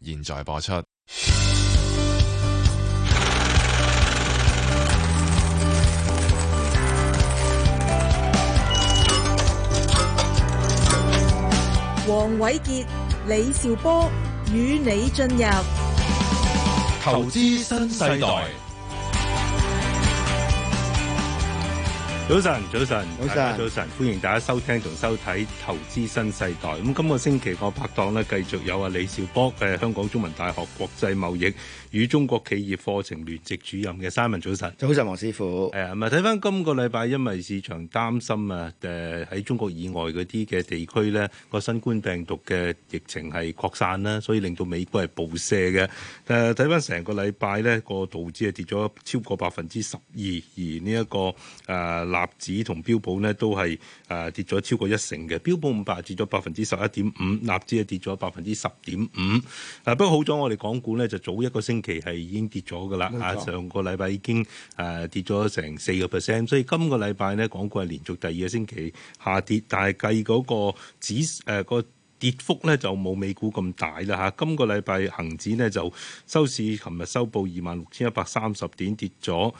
現在播出。黃瑋傑、李兆波與你進入投資新世代。早晨，早晨，早晨，早晨，歡迎大家收聽同收睇《投資新世代》。今、這個星期個拍檔咧，繼續有李兆波嘅、呃、香港中文大學國際貿易，與中國企業課程聯席主任嘅 Simon 早晨，早晨黃師傅。誒，啊，睇翻今個禮拜，因為市場擔心啊，誒喺中國以外嗰啲嘅地區咧，個新冠病毒嘅疫情係擴散啦，所以令到美股係暴瀉嘅。誒、啊，睇翻成個禮拜咧，那個道指係跌咗超過百分之十二，而呢、這、一個誒納、啊、指同標普呢都係誒、啊、跌咗超過一成嘅。標普五百跌咗百分之十一點五，納指係跌咗百分之十點五。不過好彩我哋港股咧就早一個星期。星期係已經跌咗噶啦，啊，冇錯，上個禮拜已經誒跌咗成四個 percent，所以今個禮拜咧，港股係連續第二個星期下跌，但係計嗰個指誒、呃那個。跌幅咧就冇美股咁大啦嚇，今個禮拜恒指呢就收市，琴日收報二萬六千一百三十點，跌咗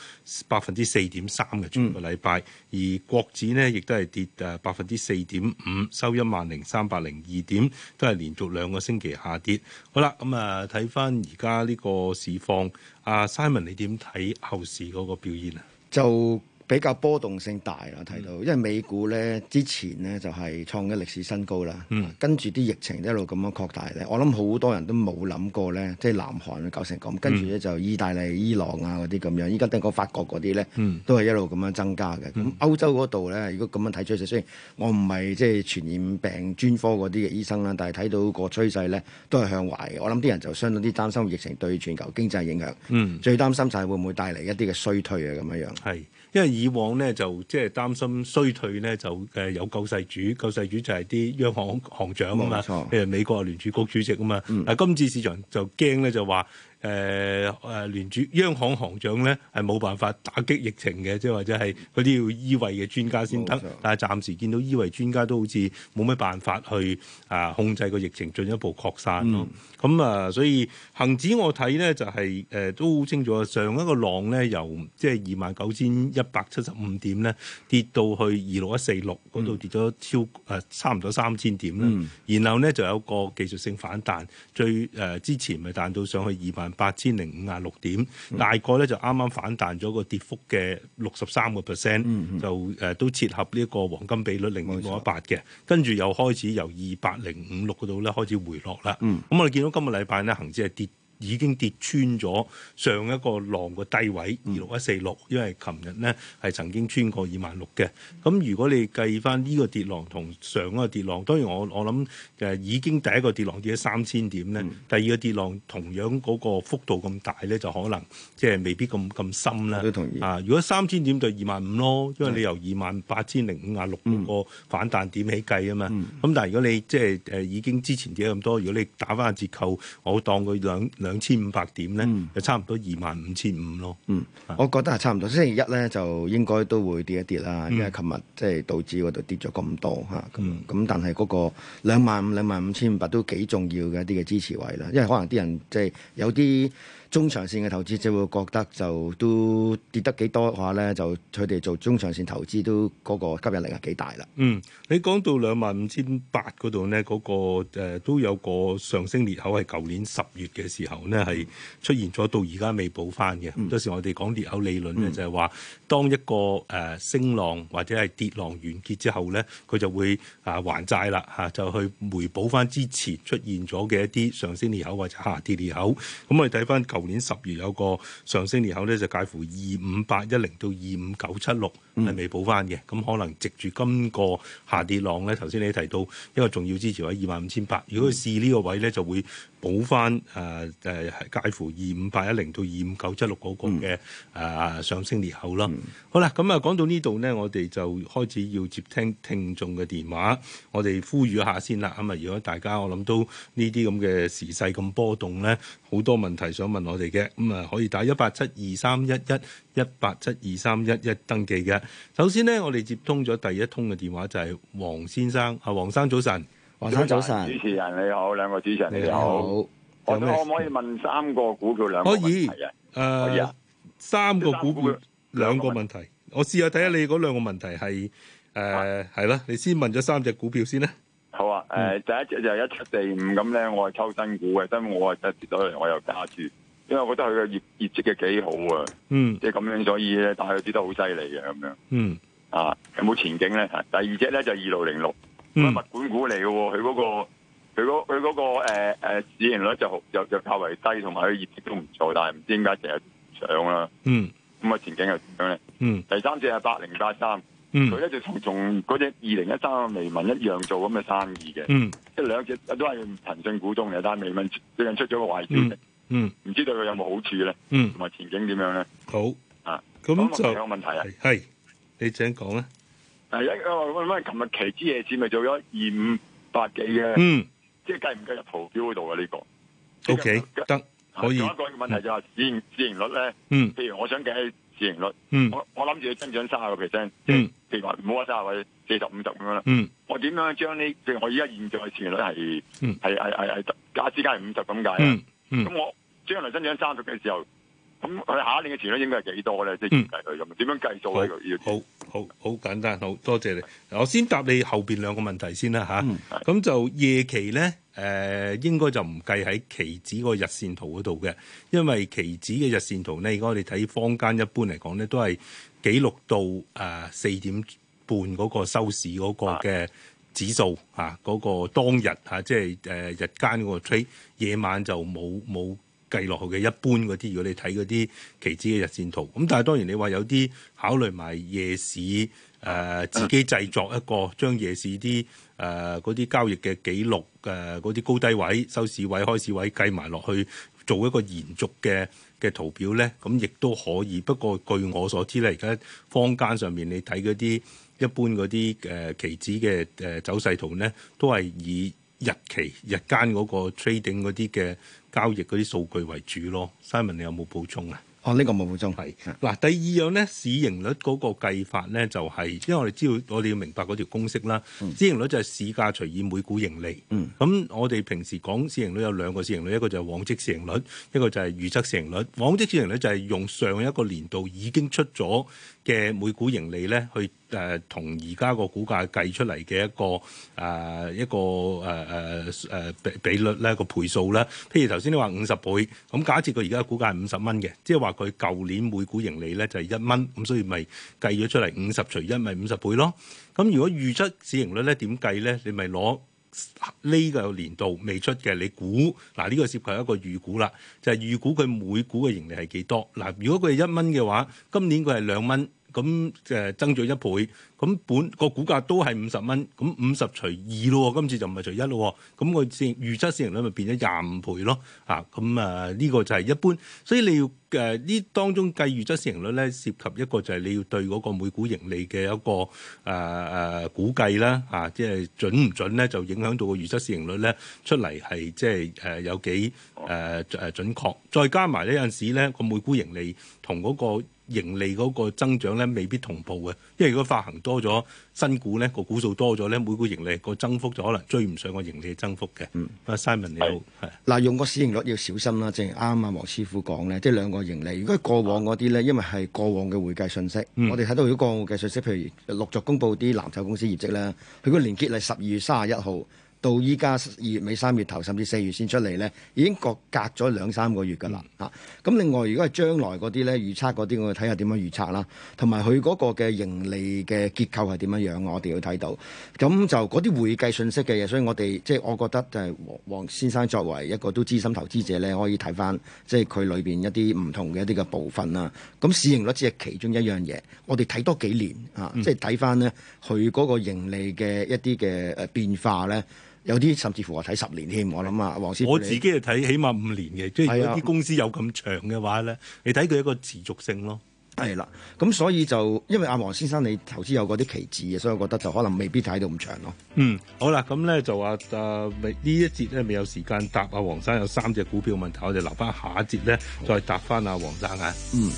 百分之四點三嘅全個禮拜。嗯、而國指呢亦都係跌誒百分之四點五，收一萬零三百零二點，都係連續兩個星期下跌。好啦，咁啊睇翻而家呢個市況，阿、啊、Simon 你點睇後市嗰個表現啊？就比較波動性大啦，睇到，因為美股咧之前咧就係、是、創咗歷史新高啦，嗯、跟住啲疫情一路咁樣擴大咧。嗯、我諗好多人都冇諗過咧，即係南韓搞成咁，跟住咧就意大利、伊朗啊嗰啲咁樣，依家聽講法國嗰啲咧，嗯、都係一路咁樣增加嘅。咁、嗯、歐洲嗰度咧，如果咁樣睇出嚟，雖然我唔係即係傳染病專科嗰啲嘅醫生啦，但係睇到個趨勢咧都係向壞嘅。我諗啲人就相當啲擔心疫情對全球經濟影響，嗯、最擔心就係會唔會帶嚟一啲嘅衰退啊咁樣。因為以往咧就即係擔心衰退咧就誒有救世主，救世主就係啲央行行長啊嘛，譬如美國聯儲局主席啊嘛，嗱、嗯、今次市場就驚咧就話。誒誒聯儲央行行長咧係冇辦法打擊疫情嘅，即係或者係嗰啲要醫衞嘅專家先得，錯但係暫時見到醫衞專家都好似冇咩辦法去啊控制個疫情進一步擴散咯。咁、嗯、啊，所以恒指我睇咧就係、是、誒、啊、都好清楚，上一個浪咧由即係二萬九千一百七十五點咧跌到去二六一四六嗰度跌咗超誒、啊、差唔多三千點啦。嗯、然後咧就有個技術性反彈，最誒、呃、之前咪彈到上去二萬八千零五啊六點，大概咧、嗯、就啱啱反彈咗個跌幅嘅六十三個 percent，就誒、呃、都切合呢一個黃金比率零點六一八嘅。錯跟住又開始由二百零五六度咧開始回落啦。咁、嗯、我哋見到今個禮拜咧，恒指係跌，已經跌穿咗上一個浪嘅低位二六一四六，46，因為琴日咧係曾經穿過二萬六嘅。咁如果你計翻呢個跌浪同上一個跌浪，當然我我諗誒、呃、已經第一個跌浪跌咗三千點咧，嗯、第二個跌浪同樣嗰個幅度咁大咧，就可能即係、就是、未必咁咁深啦。同啊，如果三千點就二萬五咯，因為你由二萬八千零五呀六個反彈點起計啊嘛。咁、嗯嗯、但係如果你即係誒已經之前跌咗咁多，如果你打翻個折扣，我當佢兩兩，兩千五百點咧，就差唔多二萬五千五咯。嗯，我覺得係差唔多。星期一咧，就應該都會跌一跌啦，因為琴日即係道指嗰度跌咗咁多吓。咁咁、嗯啊，但係嗰個兩萬五兩萬五千五百都幾重要嘅一啲嘅支持位啦。因為可能啲人即係、就是、有啲中長線嘅投資者會覺得就都跌得幾多嘅話咧，就佢哋做中長線投資都嗰、嗰個吸引力係幾大啦。嗯，你講到兩萬五千八嗰度呢嗰個、呃、都有個上升裂口係舊年十月嘅時候呢係出現咗到而家未補翻嘅。好多、嗯、時我哋講裂口理論呢就係話、嗯、當一個誒升浪或者係跌浪完結之後咧，佢就會啊還債啦嚇，就去回補翻之前出現咗嘅一啲上升裂口或者下跌裂口。咁我哋睇翻。舊年十月有個上升裂口咧，就介乎二五八一零到二五九七六，係未補翻嘅。咁可能藉住今個下跌浪咧，頭先你提到一個重要支持位二萬五千八，如果佢試呢個位咧，就會。補返誒誒，介乎二五八一零到二五九七六嗰個嘅誒上升裂口咯。嗯、好啦，咁啊講到呢度呢，我哋就開始要接聽聽眾嘅電話。我哋呼籲一下先啦。咁啊，如果大家我諗都呢啲咁嘅時勢咁波動呢，好多問題想問我哋嘅，咁啊可以打一八七二三一一一八七二三一一登記嘅。首先呢，我哋接通咗第一通嘅電話就係、是、黃先生，啊黃生早晨。黃生早晨，主持人你好，兩個主持人你好。我可唔可以問三個股票兩個問題啊？可以，三個股票兩個問題，我試下睇下你嗰兩個問題係誒係啦，你先問咗三隻股票先啦。好啊，誒第一隻就一七四五咁咧，我係抽新股嘅，因為我係特跌到人我又加住，因為我覺得佢嘅業業績嘅幾好啊，嗯，即係咁樣，所以咧但係佢跌得好犀利啊咁樣，嗯啊有冇前景咧？第二隻咧就二六零六，物管股嚟嘅，佢嗰個佢佢個誒誒市盈率就又又較為低，同埋佢業績都唔錯，但係唔知點解成日上啦。嗯，咁啊前景又點樣咧？嗯，第三隻係八零八三，佢一直同同嗰隻二零一三嘅微盟一樣做咁嘅生意嘅。嗯，即係兩隻都係騰訊股東嚟，但係微盟最近出咗個壞招。嗯，唔知對佢有冇好處咧？嗯，同埋前景點樣咧？好。啊，咁就。有冇問題啊？係，你請講啦。係一，琴日期之夜子咪做咗二五八幾嘅，嗯，即係計唔計入圖表嗰度嘅呢個？O K 得可以。仲有一個問題就係自自營率咧，譬如我想計自營率，我我諗住要增長十個 percent，譬如話唔好話卅個，四十五十咁樣啦，我點樣將呢？譬如我依家現在嘅自營率係，嗯，係係係係加之間係五十咁解。咁我將來增長三十嘅時候，咁佢下一年嘅自營率應該係幾多咧？即係計佢咁，點樣計數呢要？好好簡單，好多謝你。我先答你後邊兩個問題先啦吓，咁、嗯、就夜期咧，誒、呃、應該就唔計喺期指個日線圖嗰度嘅，因為期指嘅日線圖咧，如果我哋睇坊間一般嚟講咧，都係記錄到誒四點半嗰個收市嗰個嘅指數嚇，嗰個、啊那個當日嚇，即係誒日間嗰個 trade 夜晚就冇冇，計落去嘅一般嗰啲，如果你睇嗰啲期指嘅日線圖，咁但係當然你話有啲考慮埋夜市，誒、呃、自己製作一個將夜市啲誒啲交易嘅記錄，誒嗰啲高低位、收市位、開市位計埋落去，做一個延續嘅嘅圖表咧，咁亦都可以。不過據我所知咧，而家坊間上面你睇嗰啲一般嗰啲誒期指嘅誒、呃、走勢圖咧，都係以日期、日間嗰個 trading 嗰啲嘅。交易嗰啲數據為主咯，Simon 你有冇補充啊？哦，呢個冇補充。係嗱，第二樣咧，市盈率嗰個計法咧就係因為我哋知道我哋要明白嗰條公式啦。市盈率就係市價除以每股盈利。嗯，咁我哋平時講市盈率有兩個市盈率，一個就係往績市盈率，一個就係預測市盈率。往績市盈率就係用上一個年度已經出咗嘅每股盈利咧去。誒、呃、同而家個股價計出嚟嘅一個誒、呃、一個誒誒誒比比率咧，個倍數咧，譬如頭先你話五十倍，咁假設佢而家股價係五十蚊嘅，即係話佢舊年每股盈利咧就係一蚊，咁所以咪計咗出嚟五十除一咪五十倍咯。咁如果預測市盈率咧點計咧？你咪攞呢個年度未出嘅你估嗱，呢個涉及一個預估啦，就係、是、預估佢每股嘅盈利係幾多嗱？如果佢係一蚊嘅話，今年佢係兩蚊。咁誒增咗一倍，咁本個股價都係五十蚊，咁五十除二咯，今次就唔係除一咯，咁個先預測市盈率咪變咗廿五倍咯，啊，咁啊呢個就係一般，所以你要誒呢當中計預測市盈率咧，涉及一個就係你要對嗰個每股盈利嘅一個誒誒估計啦，啊，即係準唔準咧，就影響到個預測市盈率咧出嚟係即係誒有幾誒誒準確，再加埋呢陣時咧個每股盈利同嗰個。盈利嗰個增長咧，未必同步嘅，因為如果發行多咗新股咧，個股數多咗咧，每股盈利個增幅就可能追唔上個盈利嘅增幅嘅。嗯，阿 But Simon 是你好，係嗱，用個市盈率要小心啦，正如啱啱阿黃師傅講咧，即係兩個盈利。如果過往嗰啲咧，嗯、因為係過往嘅會計信息，嗯、我哋睇到如果過往嘅信息，譬如陸續公布啲藍籌公司業績咧，佢個年結係十二月三十一號。到依家二月尾三月頭，甚至四月先出嚟呢，已經各隔隔咗兩三個月㗎啦嚇。咁、嗯、另外如果係將來嗰啲呢，預測嗰啲，我哋睇下點樣預測啦。同埋佢嗰個嘅盈利嘅結構係點樣樣，我哋要睇到。咁就嗰啲會計信息嘅嘢，所以我哋即係我覺得就係黃先生作為一個都資深投資者呢，可以睇翻即係佢裏邊一啲唔同嘅一啲嘅部分啦。咁市盈率只係其中一樣嘢，我哋睇多幾年、嗯、啊，即係睇翻呢，佢嗰個盈利嘅一啲嘅變化呢。有啲甚至乎我睇十年添，我諗啊，黃先生我自己係睇起碼五年嘅，即係嗰啲公司有咁長嘅話咧，你睇佢一個持續性咯，係啦。咁所以就因為阿黃先生你投資有嗰啲期指嘅，所以我覺得就可能未必睇到咁長咯。嗯，好啦，咁咧就阿啊，呢一節咧未有時間答阿黃生有三隻股票問題，我哋留翻下，下一節咧再答翻阿黃生啊。嗯。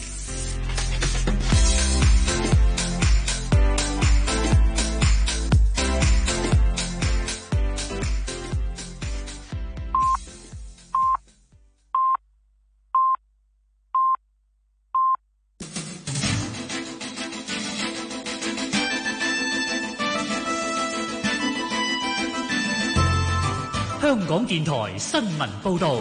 電台新聞報道：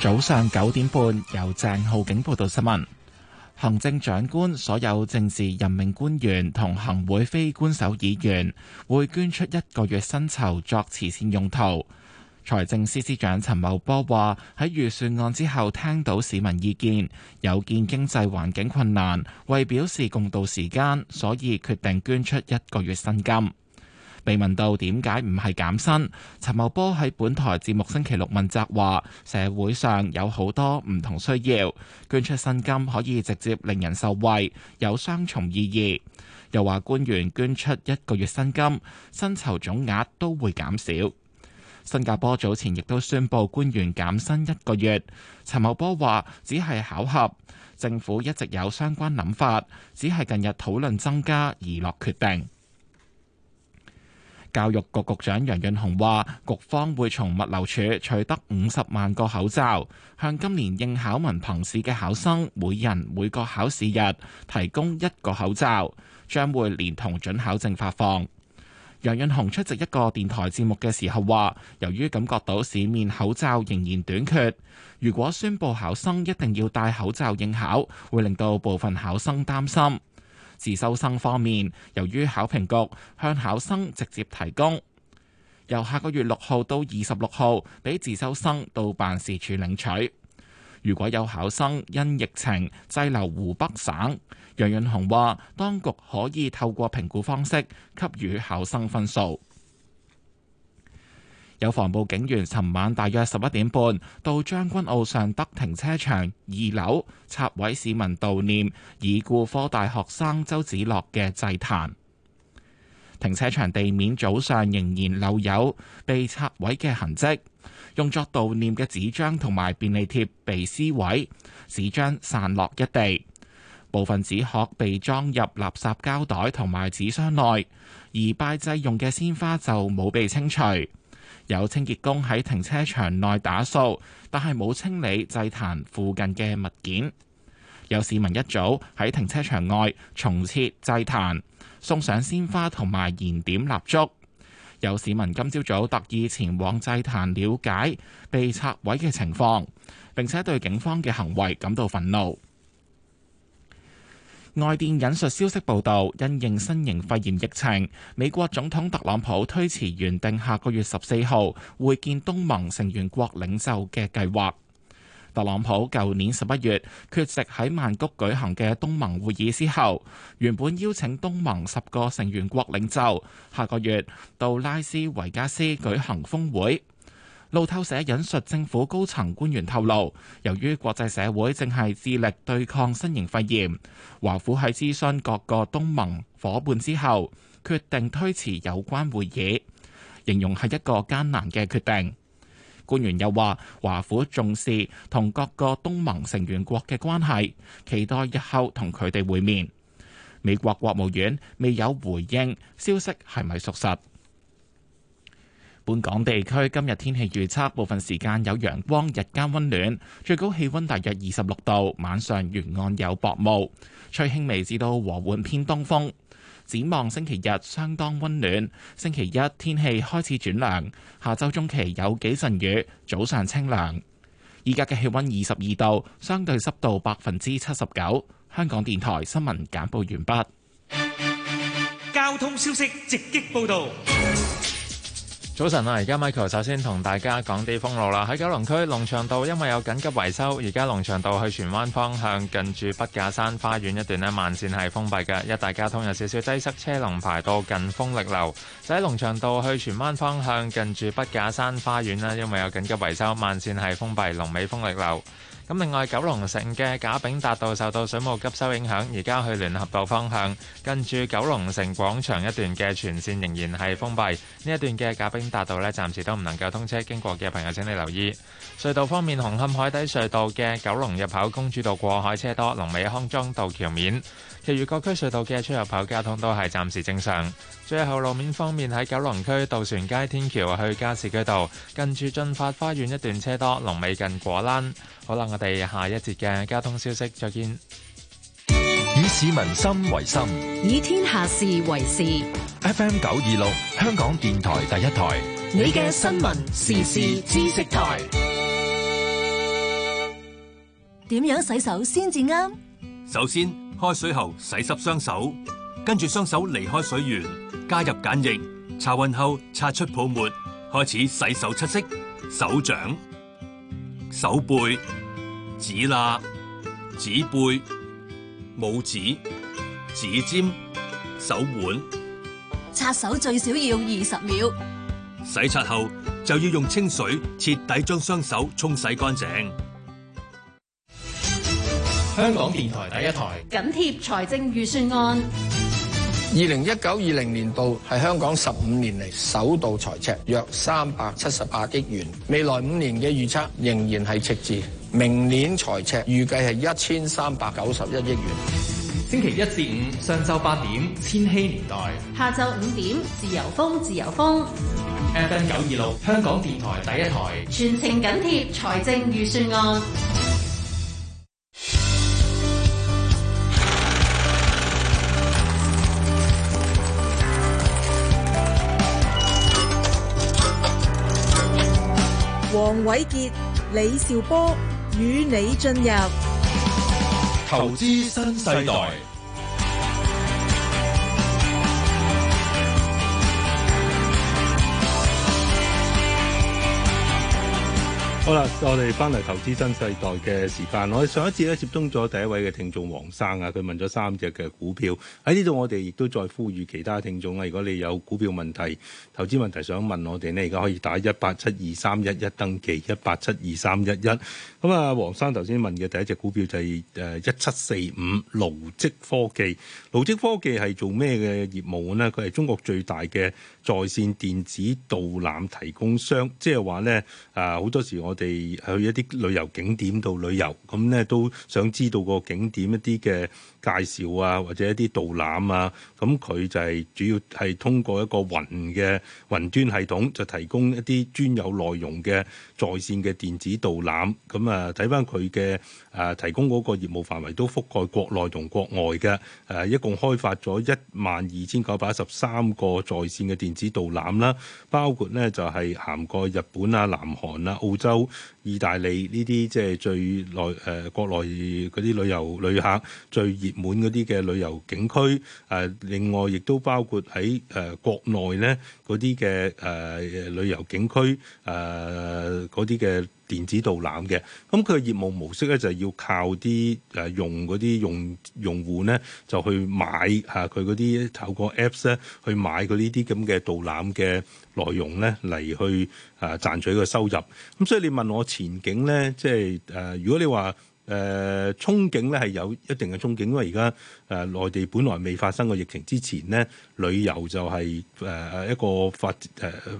早上九點半，由鄭浩景報道新聞。行政長官、所有政治任命官員同行會非官守議員會捐出一個月薪酬作慈善用途。財政司司長陳茂波話：喺預算案之後聽到市民意見，有見經濟環境困難，為表示共度時間，所以決定捐出一個月薪金。被問到點解唔係減薪，陳茂波喺本台節目星期六問責話：社會上有好多唔同需要，捐出薪金可以直接令人受惠，有雙重意義。又話官員捐出一個月薪金，薪酬總額都會減少。新加坡早前亦都宣布官員減薪一個月。陳茂波話只係巧合，政府一直有相關諗法，只係近日討論增加而落決定。教育局局長楊潤雄話局方會從物流署取得五十萬個口罩，向今年應考文憑試嘅考生每人每個考試日提供一個口罩，將會連同准考證發放。楊潤雄出席一個電台節目嘅時候話，由於感覺到市面口罩仍然短缺，如果宣布考生一定要戴口罩應考，會令到部分考生擔心。自修生方面，由於考評局向考生直接提供，由下個月六號到二十六號，俾自修生到辦事處領取。如果有考生因疫情滯留湖北省，楊潤雄話：當局可以透過評估方式給予考生分數。有防暴警員尋晚大約十一點半到將軍澳尚德停車場二樓拆毀市民悼念已故科大學生周子樂嘅祭壇。停車場地面早上仍然留有被拆毀嘅痕跡，用作悼念嘅紙張同埋便利貼被撕毀，紙張散落一地。部分紙殼被裝入垃圾膠袋同埋紙箱內，而拜祭用嘅鮮花就冇被清除。有清潔工喺停車場內打掃，但係冇清理祭壇附近嘅物件。有市民一早喺停車場外重設祭壇，送上鮮花同埋燃點蠟燭。有市民今朝早特意前往祭壇了解被拆毀嘅情況，並且對警方嘅行為感到憤怒。外電引述消息報道，因應新型肺炎疫情，美國總統特朗普推遲原定下個月十四號會見東盟成員國領袖嘅計劃。特朗普舊年十一月缺席喺曼谷舉行嘅東盟會議之後，原本邀請東盟十個成員國領袖下個月到拉斯維加斯舉行峰會。路透社引述政府高層官員透露，由於國際社會正係致力對抗新型肺炎，華府喺諮詢各個東盟夥伴之後，決定推遲有關會議，形容係一個艱難嘅決定。官員又話，華府重視同各個東盟成員國嘅關係，期待日後同佢哋會面。美國國務院未有回應消息係咪屬實。本港地區今日天氣預測，部分時間有陽光，日間溫暖，最高氣溫大約二十六度，晚上沿岸有薄霧，吹輕微至到和緩偏東風。展望星期日相當溫暖，星期一天氣開始轉涼，下周中期有幾陣雨，早上清涼。而家嘅氣溫二十二度，相對濕度百分之七十九。香港電台新聞簡報完畢。交通消息直擊報道。早晨啊！而家 Michael 首先同大家講啲封路啦。喺九龍區農場道，因為有緊急維修，而家農場道去荃灣方向近住畢架山花園一段呢，慢線係封閉嘅，一帶交通有少少擠塞，車龍排到近風力樓。就喺農場道去荃灣方向近住畢架山花園啦，因為有緊急維修，慢線係封閉，龍尾風力樓。咁另外，九龍城嘅賈炳達道受到水務急修影響，而家去聯合道方向，跟住九龍城廣場一段嘅全線仍然係封閉，呢一段嘅賈炳達道呢，暫時都唔能夠通車，經過嘅朋友請你留意。隧道方面，紅磡海底隧道嘅九龍入口公主道過海車多，龍尾康莊道橋面。其餘各區隧道嘅出入口交通都係暫時正常。最後路面方面喺九龍區渡船街天橋去加士居道近住駿發花園一段車多，龍尾近果欄。好啦，我哋下一節嘅交通消息再見。以市民心為心，以天下事為事。FM 九二六，香港電台第一台，你嘅新聞時事知識台。點樣洗手先至啱？首先。開水喉，洗濕雙手，跟住雙手離開水源，加入鹼液，擦勻後擦出泡沫，開始洗手七式：手掌、手背、指罅、指背、拇指、指尖、手腕。擦手最少要二十秒。洗擦後就要用清水徹底將雙手沖洗乾淨。香港電台第一台緊貼財政預算案。二零一九二零年度係香港十五年嚟首度財赤，約三百七十八億元。未來五年嘅預測仍然係赤字。明年財赤預計係一千三百九十一億元。星期一至五上晝八點，千禧年代；下晝五點，自由風。自由風 FM 九二六，26, 香港電台第一台，全程緊貼財政預算案。黃瑋傑、李兆波與你進入投資新世代。好啦，我哋翻嚟投資新世代嘅時間，我哋上一次咧接通咗第一位嘅聽眾黃生啊，佢問咗三隻嘅股票喺呢度，我哋亦都再呼籲其他聽眾啊，如果你有股票問題、投資問題想問我哋呢，而家可以打一八七二三一一登記，一八七二三一一。咁啊，黃生頭先問嘅第一隻股票就係誒一七四五驢跡科技。驢跡科技係做咩嘅業務呢？佢係中國最大嘅在線電子導覽提供商，即係話呢，啊、呃，好多時我哋去一啲旅遊景點度旅遊，咁、嗯、呢都想知道個景點一啲嘅。介紹啊，或者一啲導覽啊，咁佢就係主要係通過一個雲嘅雲端系統，就提供一啲專有內容嘅在線嘅電子導覽。咁啊，睇翻佢嘅誒提供嗰個業務範圍都覆蓋國內同國外嘅誒、呃，一共開發咗一萬二千九百一十三個在線嘅電子導覽啦，包括呢就係涵蓋日本啊、南韓啊、澳洲。意大利呢啲即係最內誒、呃、國內嗰啲旅遊旅客最熱門嗰啲嘅旅遊景區誒、呃，另外亦都包括喺誒、呃、國內咧嗰啲嘅誒旅遊景區誒嗰啲嘅，呃電子導覽嘅，咁佢嘅業務模式咧就係要靠啲誒用嗰啲用用戶咧就去買嚇佢嗰啲透過 Apps 咧去買佢呢啲咁嘅導覽嘅內容咧嚟去誒賺取個收入。咁所以你問我前景咧，即係誒如果你話。誒憧憬咧係有一定嘅憧憬，因為而家誒內地本來未發生過疫情之前咧，旅遊就係、是、誒、呃、一個發誒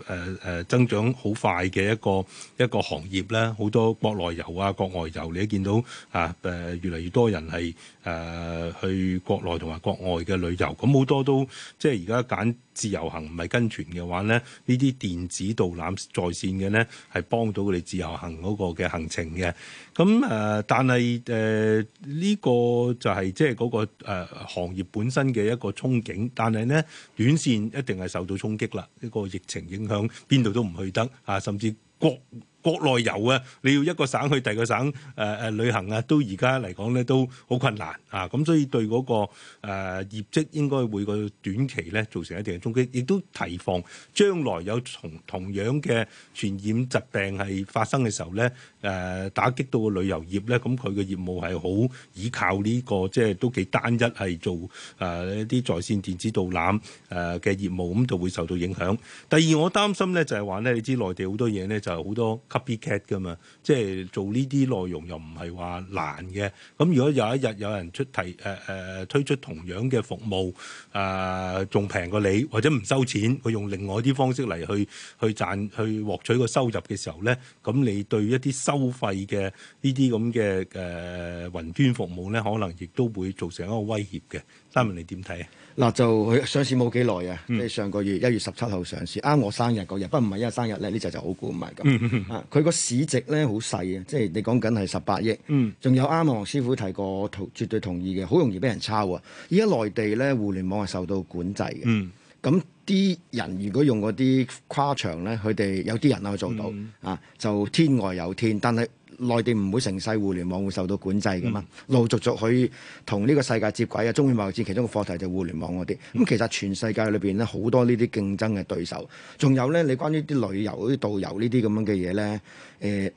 誒誒增長好快嘅一個一個行業啦。好多國內遊啊、國外遊，你都見到啊誒、呃，越嚟越多人係誒、呃、去國內同埋國外嘅旅遊，咁、嗯、好多都即係而家揀。自由行唔係跟團嘅話咧，呢啲電子導覽在線嘅咧係幫到佢哋自由行嗰個嘅行程嘅。咁誒、呃，但係誒呢個就係即係嗰個、呃、行業本身嘅一個憧憬，但係咧短線一定係受到衝擊啦。呢個疫情影響，邊度都唔去得啊，甚至國國內遊啊，你要一個省去第二個省誒誒、呃呃、旅行啊，都而家嚟講咧都好困難啊！咁所以對嗰、那個誒、呃、業績應該會個短期咧造成一定嘅衝擊，亦都提防將來有同同樣嘅傳染疾病係發生嘅時候咧誒、呃、打擊到個旅遊業咧，咁佢嘅業務係好依靠呢、這個即係都幾單一係做誒、呃、一啲在線電子導覽誒嘅業務，咁就會受到影響。第二我擔心咧就係話咧，你知內地好多嘢咧就係好多。Copycat 㗎嘛，即係做呢啲內容又唔係話難嘅。咁如果有一日有人出提誒誒、呃、推出同樣嘅服務，誒仲平過你或者唔收錢，佢用另外啲方式嚟去去賺去獲取個收入嘅時候咧，咁、嗯、你對一啲收費嘅呢啲咁嘅誒雲端服務咧，可能亦都會造成一個威脅嘅。三文，你點睇？嗱就佢上市冇幾耐啊，嗯、即係上個月一月十七號上市，啱我生日嗰日，不過唔係因為生日咧呢隻、這個、就好沽埋咁啊。佢個市值咧好細嘅，即係你講緊係十八億，仲、嗯、有啱啊。黃師傅提過，我絕對同意嘅，好容易俾人抄啊。而家內地咧互聯網係受到管制嘅，咁啲、嗯、人如果用嗰啲跨牆咧，佢哋有啲人可以做到、嗯、啊，就天外有天，但係。內地唔會成世互聯網會受到管制㗎嘛，陸續續去同呢個世界接軌啊。中英貿易戰其中嘅課題就互聯網嗰啲，咁、嗯、其實全世界裏邊咧好多呢啲競爭嘅對手，仲有咧你關於啲旅遊啲導遊呢啲咁樣嘅嘢咧，誒、呃。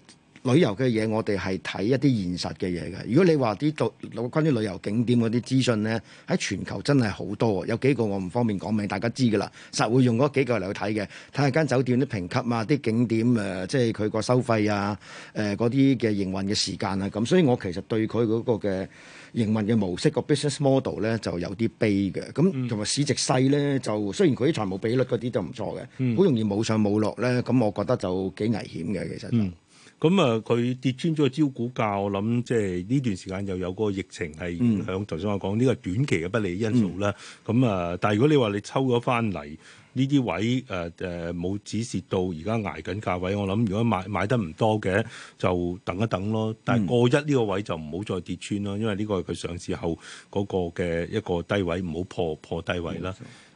旅遊嘅嘢我哋係睇一啲現實嘅嘢嘅。如果你話啲度關於旅遊景點嗰啲資訊咧，喺全球真係好多。有幾個我唔方便講，畀大家知㗎啦。實會用嗰幾個嚟去睇嘅，睇下間酒店啲評級啊，啲景點誒、呃，即係佢個收費啊，誒嗰啲嘅營運嘅時間啊咁。所以我其實對佢嗰個嘅營運嘅模式、個 business model 咧就有啲悲嘅。咁同埋市值細咧，就雖然佢啲財務比率嗰啲都唔錯嘅，好、嗯、容易冇上冇落咧。咁我覺得就幾危險嘅，其實。嗯咁啊，佢、嗯、跌穿咗個招股價，我諗即係呢段時間又有個疫情係影響。頭先我講呢個短期嘅不利因素啦。咁啊、嗯，但係如果你話你抽咗返嚟呢啲位，誒誒冇止蝕到而家捱緊價位，我諗如果買買得唔多嘅，就等一等咯。但係過一呢個位就唔好再跌穿咯，因為呢個係佢上市後嗰個嘅一個低位，唔好破破低位啦。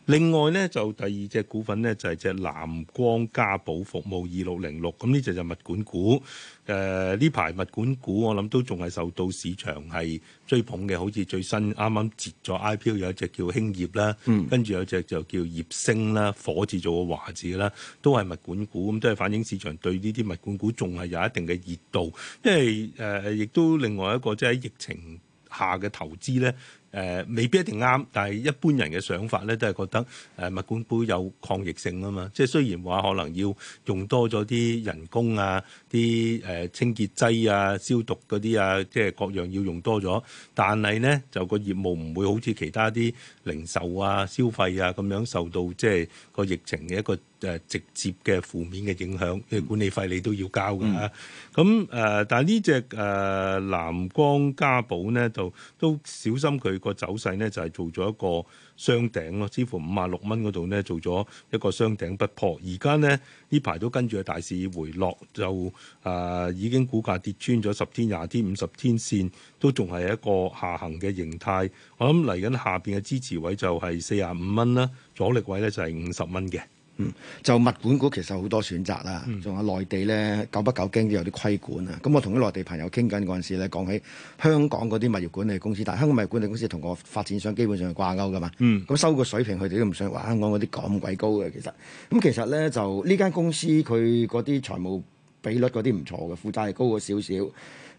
另外咧就第二隻股份咧就係隻藍光嘉寶服務二六零六，咁呢隻就物管股。誒呢排物管股我諗都仲係受到市場係追捧嘅，好似最新啱啱截咗 IPO 有一隻叫興業啦，跟住、嗯、有隻就叫燁星啦，火字做個華字啦，都係物管股，咁都係反映市場對呢啲物管股仲係有一定嘅熱度。因為誒亦、呃、都另外一個即係喺疫情下嘅投資咧。誒、呃、未必一定啱，但係一般人嘅想法咧，都係覺得誒、呃、物管杯有抗疫性啊嘛。即係雖然話可能要用多咗啲人工啊、啲誒、呃、清潔劑啊、消毒嗰啲啊，即係各樣要用多咗，但係咧就個業務唔會好似其他啲零售啊、消費啊咁樣受到即係、就是、個疫情嘅一個。誒直接嘅負面嘅影響，嘅管理費你都要交㗎吓。咁誒、嗯嗯，但係呢隻誒藍光家寶咧，就都小心佢個走勢咧，就係、是、做咗一個雙頂咯，似乎五啊六蚊嗰度咧做咗一個雙頂不破。而家咧呢排都跟住個大市回落，就誒、呃、已經股價跌穿咗十天、廿天、五十天線，都仲係一個下行嘅形態。我諗嚟緊下邊嘅支持位就係四啊五蚊啦，阻力位咧就係五十蚊嘅。嗯，就物管股其實好多選擇啦，仲、嗯、有內地咧，久不久經都有啲規管啊。咁、嗯嗯、我同啲內地朋友傾緊嗰陣時咧，講起香港嗰啲物業管理公司，但係香港物業管理公司同個發展商基本上係掛鈎噶嘛。嗯，咁、嗯、收個水平，佢哋都唔想話香港嗰啲咁鬼高嘅，其實咁、嗯嗯嗯、其實咧就呢間公司佢嗰啲財務比率嗰啲唔錯嘅，負債係高咗少少。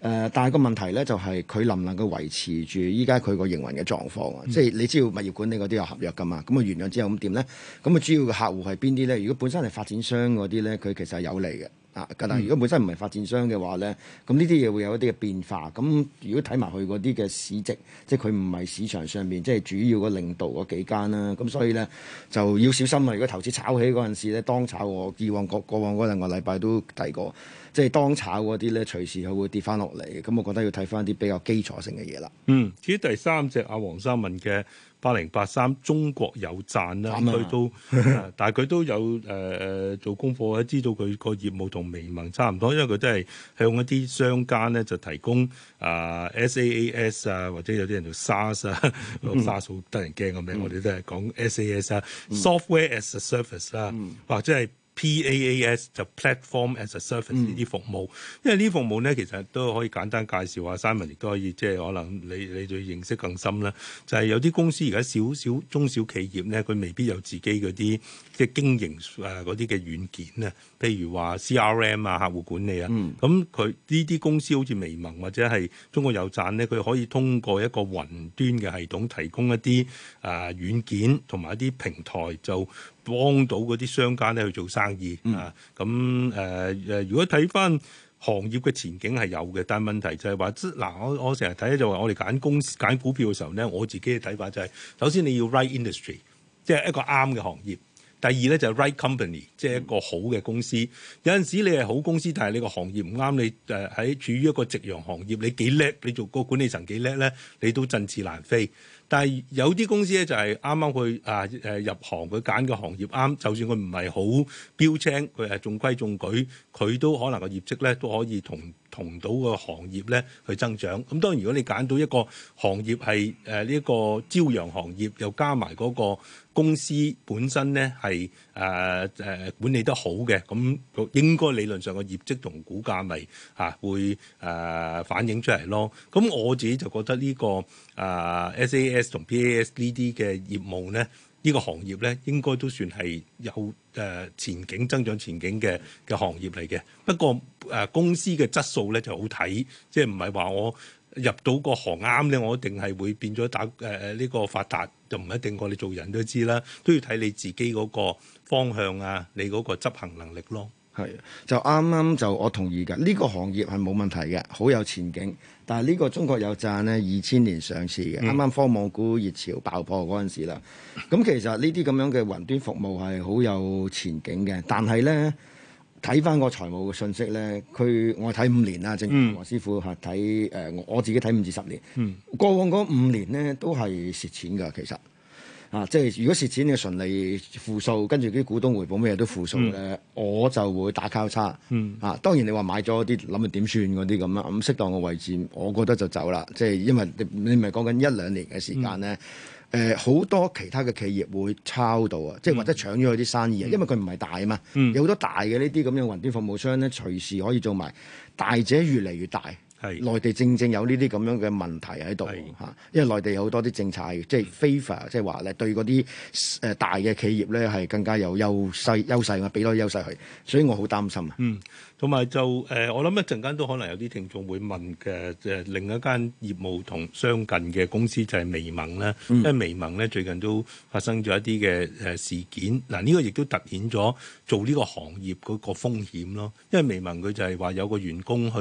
誒、呃，但係個問題咧就係、是、佢能唔能夠維持住依家佢個營運嘅狀況啊？嗯、即係你知道物業管理嗰啲有合約㗎嘛？咁啊完咗之後咁點咧？咁啊主要嘅客戶係邊啲咧？如果本身係發展商嗰啲咧，佢其實係有利嘅啊。但係如果本身唔係發展商嘅話咧，咁呢啲嘢會有一啲嘅變化。咁如果睇埋佢嗰啲嘅市值，即係佢唔係市場上面，即係主要個領導嗰幾間啦。咁、嗯、所以咧、嗯、就要小心啦。如果頭先炒起嗰陣時咧，當炒我以往過，過往嗰兩個禮拜都提過。即係當炒嗰啲咧，隨時佢會跌翻落嚟。咁我覺得要睇翻啲比較基礎性嘅嘢啦。嗯，至於第三隻阿黃生問嘅八零八三83，中國有贊啦，佢、嗯啊、都，呃、但係佢都有誒、呃、做功課，知道佢個業務同微盟差唔多，因為佢都係向一啲商家咧就提供啊、呃、SaaS 啊，或者有啲人叫 SARS 啊，SARS 好得人驚咁樣。嗯、我哋都係講 SaaS 啊、嗯、Software as a Service 啦、啊啊，或者係、就是。PaaS 就 Platform as a Service 呢啲嗯、服務，因為呢啲服務咧其實都可以簡單介紹下。Simon 亦都可以即係可能你你對認識更深啦。就係、是、有啲公司而家少少中小企業咧，佢未必有自己嗰啲即係經營啊嗰啲嘅軟件啊，譬如話 CRM 啊、客戶管理啊，咁佢呢啲公司好似微盟或者係中國有贊咧，佢可以通過一個雲端嘅系統提供一啲啊、呃、軟件同埋一啲平台就。幫到嗰啲商家咧去做生意、嗯、啊！咁誒誒，如果睇翻行業嘅前景係有嘅，嗯、但問題就係、是、話，嗱，我我成日睇咧就話，我哋揀公司揀股票嘅時候咧，我自己嘅睇法就係、是，首先你要 right industry，即係一個啱嘅行業；第二咧就係 right company，即係一個好嘅公司。嗯、有陣時你係好公司，但係你個行業唔啱，你誒喺、呃、處於一個夕陽行業，你幾叻，你做個管理層幾叻咧，你都振翅難飛。但係有啲公司咧就係啱啱去啊誒入行，佢揀嘅行業啱，就算佢唔係好標青，佢係中規中矩，佢都可能個業績咧都可以同。同到個行業咧去增長，咁當然如果你揀到一個行業係誒呢個朝陽行業，又加埋嗰個公司本身咧係誒誒管理得好嘅，咁應該理論上個業績同股價咪嚇會誒、呃、反映出嚟咯。咁我自己就覺得呢、這個誒、呃、SAS 同 PAS 呢啲嘅業務咧。呢個行業咧，應該都算係有誒前景增長前景嘅嘅行業嚟嘅。不過誒，公司嘅質素咧就好睇，即係唔係話我入到個行啱咧，我一定係會變咗打誒誒呢個發達，就唔一定過，你做人都知啦，都要睇你自己嗰個方向啊，你嗰個執行能力咯。係，就啱啱就我同意㗎。呢個行業係冇問題嘅，好有前景。但係呢個中國有賺咧，二千年上市嘅，啱啱、嗯、科網股熱潮爆破嗰陣時啦。咁其實呢啲咁樣嘅雲端服務係好有前景嘅，但係咧睇返個財務嘅信息咧，佢我睇五年啦，正如黃師傅吓睇誒，我自己睇五至十年。過往嗰五年咧都係蝕錢㗎，其實。啊！即係如果蝕錢嘅純利負數，跟住啲股東回報咩嘢都負數咧，嗯、我就會打交叉。啊！當然你話買咗啲諗住點算嗰啲咁啦，咁適當嘅位置，我覺得就走啦。即係因為你唔係講緊一兩年嘅時間咧，誒好、嗯呃、多其他嘅企業會抄到啊，即係或者搶咗佢啲生意啊，嗯、因為佢唔係大嘛，嗯、有好多大嘅呢啲咁樣雲端服務商咧，隨時可以做埋，大者越嚟越大。係內地正正有呢啲咁樣嘅問題喺度嚇，是因為內地好多啲政策係即係 favor，即係話咧對嗰啲誒大嘅企業咧係更加有優勢，優勢，我俾多優勢佢，所以我好擔心啊。嗯同埋就誒我諗一陣間都可能有啲聽眾會問嘅，就是，另一間業務同相近嘅公司就係微盟啦，嗯這個。因為微盟咧最近都發生咗一啲嘅誒事件，嗱呢個亦都凸顯咗做呢個行業個風險咯。因為微盟佢就係話有個員工去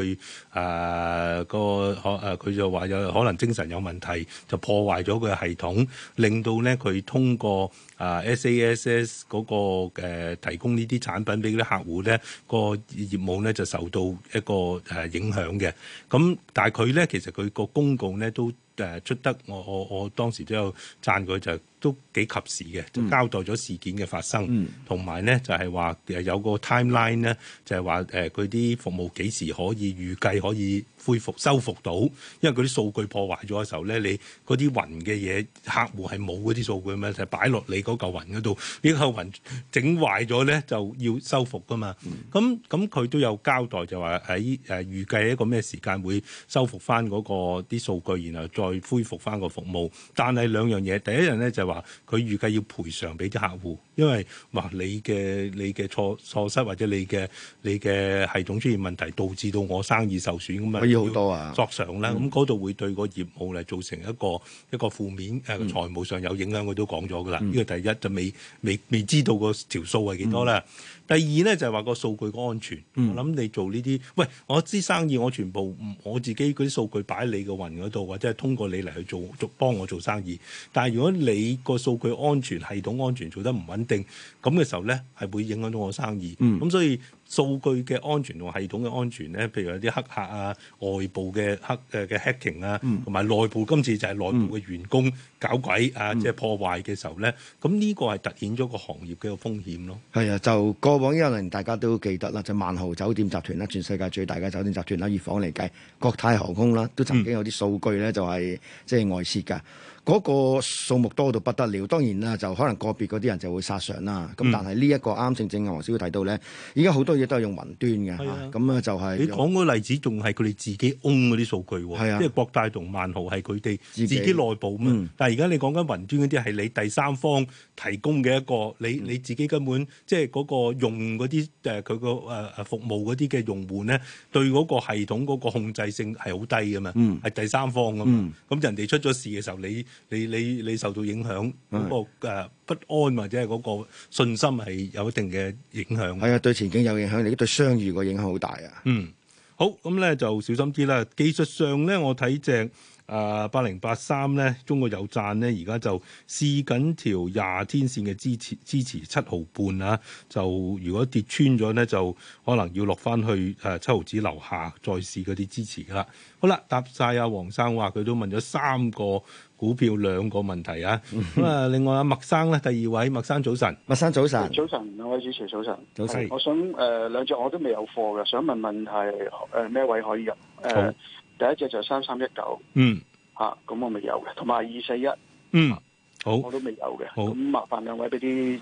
誒個可誒佢就話有可能精神有問題就破壞咗佢嘅系統，令到咧佢通過啊 SaaS 個誒提供呢啲產品俾啲客戶咧、那個業務。冇咧就受到一個誒影響嘅，咁但係佢咧其實佢個公告咧都誒出得我我我當時都有讚佢就。都幾及時嘅，就交代咗事件嘅發生，同埋咧就係話誒有個 timeline 咧，就係話誒佢啲服務幾時可以預計可以恢復修復到，因為嗰啲數據破壞咗嘅時候咧，你嗰啲雲嘅嘢，客戶係冇嗰啲數據咩，就擺落你嗰嚿雲嗰度，呢個雲整壞咗咧就要修復噶嘛。咁咁佢都有交代就話喺誒預計一個咩時間會修復翻嗰個啲數據，然後再恢復翻個服務，但係兩樣嘢，第一樣咧就是。話佢預計要賠償俾啲客戶，因為哇，你嘅你嘅錯錯失或者你嘅你嘅系統出現問題，導致到我生意受損，咁咪好多啊，作償啦。咁嗰度會對個業務嚟造成一個一個負面誒，財、啊、財務上有影響。佢都講咗噶啦，呢個、嗯、第一就未未未知道個條數係幾多啦。嗯嗯第二咧就係、是、話個數據安全，嗯、我諗你做呢啲，喂，我知生意，我全部我自己嗰啲數據擺喺你個雲嗰度，或者係通過你嚟去做，幫我做生意。但係如果你個數據安全系統安全做得唔穩定，咁嘅時候咧，係會影響到我生意。咁、嗯、所以數據嘅安全同系統嘅安全咧，譬如有啲黑客啊、外部嘅黑嘅嘅、呃、hacking 啊，同埋、嗯、內部今次就係內部嘅員工搞鬼啊，嗯、即係破壞嘅時候咧，咁呢個係突顯咗個行業嘅風險咯。係啊，就過往一輪大家都記得啦，就萬豪酒店集團啦，全世界最大嘅酒店集團啦，以房嚟計，國泰航空啦，都曾經有啲數據咧、就係，嗯、就係即係外泄㗎。嗰個數目多到不得了，當然啦，就可能個別嗰啲人就會殺上啦。咁、嗯、但係呢一個啱正正黃小姐提到咧，而家好多嘢都係用雲端嘅咁的啊就係你講嗰個例子，仲係佢哋自己 own 嗰啲數據喎，的即係國泰同萬豪係佢哋自己內部嘛。己嗯、但係而家你講緊雲端嗰啲係你第三方提供嘅一個，你你自己根本即係嗰個用嗰啲誒佢個誒誒服務嗰啲嘅用戶咧，對嗰個系統嗰個控制性係好低㗎嘛，係、嗯、第三方㗎嘛，咁、嗯嗯、人哋出咗事嘅時候你？你你你受到影響，嗰、嗰個不安或者係嗰個信心係有一定嘅影響。係啊，對前景有影響，而且對商譽個影響好大啊。嗯，好，咁咧，就小心啲啦。技術上咧，我睇隻誒八零八三咧，中國有贊咧。而家就試緊條廿天線嘅支持支持七毫半啊。就如果跌穿咗咧，就可能要落翻去誒七、呃、毫子樓下再試嗰啲支持㗎啦。好啦，答晒阿黃生話，佢都問咗三個。股票兩個問題啊，咁啊、嗯哼，另外阿麥生咧，第二位麥生早晨，麥生早晨，早晨兩位主持早晨，早晨，早晨我想誒兩隻我都未有貨嘅，想問問係誒咩位可以入？誒、呃、好第一隻就三三一九，嗯，嚇、啊，咁我未有嘅，同埋二四一，嗯。好，我都未有嘅。好，咁麻煩兩位俾啲誒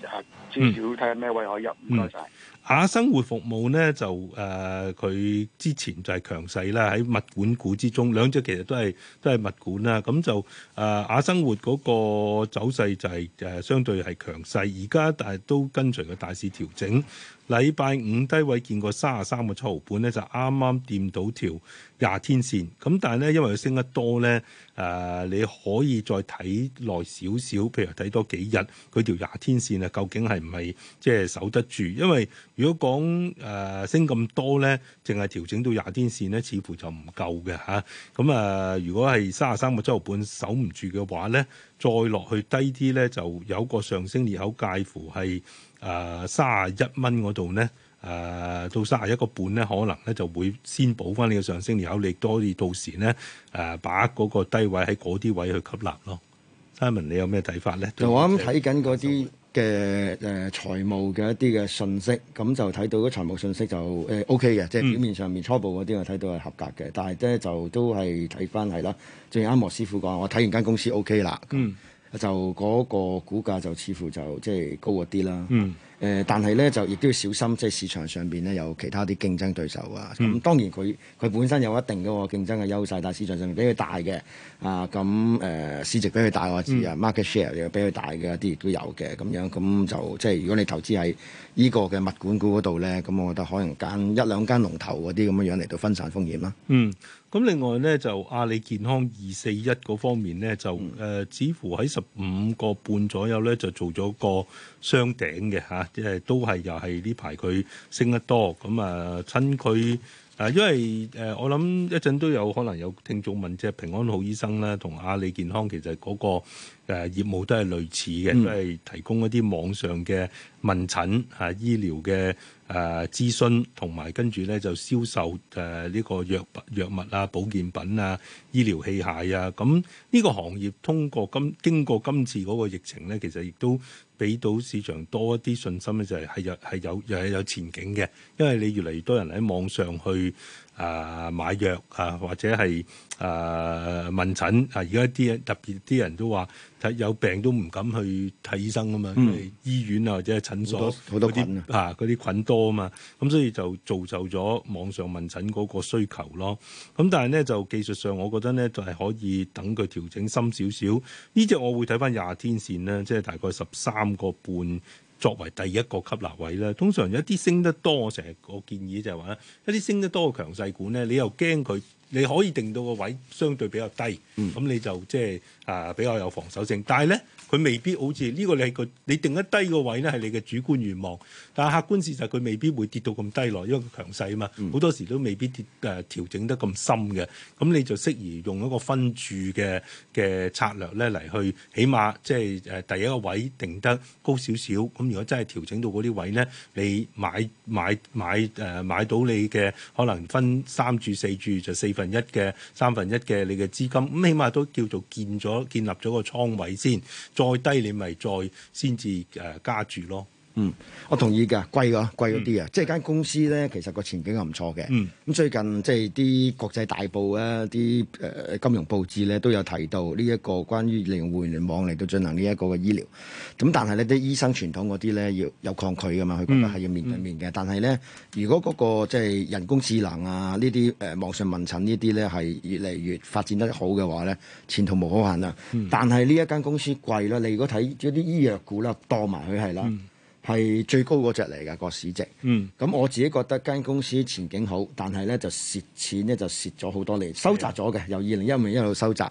資料睇下咩位可以入？唔該晒，亞生活服務咧就誒，佢、呃、之前就係強勢啦，喺物管股之中，兩隻其實都係都係物管啦。咁就誒、呃、亞生活嗰個走勢就係、係、誒、呃、相對係強勢，而家但係都跟隨個大市調整。禮拜五低位見過三十三個七毫半咧，就啱啱掂到條廿天線。咁但係咧，因為佢升得多咧，誒、呃、你可以再睇耐少少，譬如睇多幾日，佢條廿天線啊，究竟係唔係即係守得住？因為如果講誒、呃、升咁多咧，淨係調整到廿天線咧，似乎就唔夠嘅嚇。咁啊，如果係三十三個七毫半守唔住嘅話咧，再落去低啲咧，就有個上升裂口介乎係誒三十一蚊嗰度咧，誒、呃呃、到三十一個半咧，可能咧就會先補翻你嘅上升，然後你多啲到時咧誒、呃、把嗰個低位喺嗰啲位去吸納咯。Simon，你有咩睇法咧？就我啱睇緊嗰啲嘅誒財務嘅一啲嘅信息，咁就睇到啲財務信息就誒、呃、OK 嘅，即、就、係、是、表面上面初步嗰啲我睇到係合格嘅，嗯、但係咧就都係睇翻係啦。正如啱莫師傅講，我睇完間公司 OK 啦。嗯就嗰個股價就似乎就即係、就是、高一啲啦。嗯誒、呃，但係咧就亦都要小心，即係市場上邊咧有其他啲競爭對手啊。咁當然佢佢本身有一定嘅、哦、競爭嘅優勢，但係市場上面比佢大嘅啊，咁、呃、誒市值比佢大我知啊，market share 又比佢大嘅一啲亦都有嘅咁樣，咁就即係如果你投資喺呢個嘅物管股嗰度咧，咁我覺得可能揀一兩間龍頭嗰啲咁嘅樣嚟到分散風險啦。嗯，咁另外咧就阿里健康二四一嗰方面咧就誒、呃嗯，似乎喺十五個半左右咧就做咗個雙頂嘅嚇，即係都係又係呢排佢升得多咁啊！親佢啊，因為誒，我諗一陣都有可能有聽眾問啫，即係平安好醫生啦，同阿里健康其實嗰個誒業務都係類似嘅，都係提供一啲網上嘅問診嚇、啊、醫療嘅誒、啊、諮詢，同埋跟住咧就銷售誒呢個藥藥物啊、保健品啊、醫療器械啊。咁呢個行業通過，經過今經過今次嗰個疫情咧，其實亦都～俾到市場多一啲信心咧、就係，就係係有係有又係有前景嘅，因為你越嚟越多人喺網上去啊、呃、買藥啊，或者係。誒問、呃、診啊！而家啲特別啲人都話睇有病都唔敢去睇醫生啊嘛，因、嗯、醫院啊或者診所嗰啲嚇啲菌多啊嘛，咁、嗯、所以就造就咗網上問診嗰個需求咯。咁、嗯、但係咧就技術上，我覺得咧就係、是、可以等佢調整深少少。呢隻我會睇返廿天線啦，即係大概十三個半。作為第一個吸納位咧，通常有一啲升得多，我成日個建議就係話咧，一啲升得多嘅強勢股咧，你又驚佢，你可以定到個位相對比較低，咁、嗯、你就即係啊比較有防守性，但係咧。佢未必好似呢、這個、個，你係個你定得低個位咧，係你嘅主觀願望。但係客觀事實，佢未必會跌到咁低落，因為佢強勢啊嘛。好、嗯、多時都未必跌誒調、呃、整得咁深嘅。咁、嗯、你就適宜用一個分注嘅嘅策略咧嚟去，起碼即係誒第一個位定得高少少。咁、嗯、如果真係調整到嗰啲位咧，你買買買誒、呃、買到你嘅可能分三注四注就四分一嘅三分一嘅你嘅資金，咁、嗯、起碼都叫做建咗建立咗個倉位先。再低你咪再先至誒加注咯。嗯，我同意噶，貴啊，貴咗啲啊。嗯、即係間公司咧，其實個前景係唔錯嘅。咁、嗯、最近即係啲國際大報啊，啲誒金融報紙咧都有提到呢、這、一個關於利用互聯網嚟到進行呢一個嘅醫療。咁但係呢啲醫生傳統嗰啲咧要有抗拒噶嘛，佢覺得係要面對面嘅。嗯嗯、但係咧，如果嗰、那個即係、就是、人工智能啊呢啲誒網上問診呢啲咧係越嚟越發展得好嘅話咧，前途無可限量。嗯、但係呢一間公司貴啦，你如果睇啲醫藥股啦，當埋佢係啦。係最高嗰隻嚟噶個市值，咁、嗯、我自己覺得間公司前景好，但係咧就蝕錢咧就蝕咗好多年，收窄咗嘅，的由二零一五年一路收窄，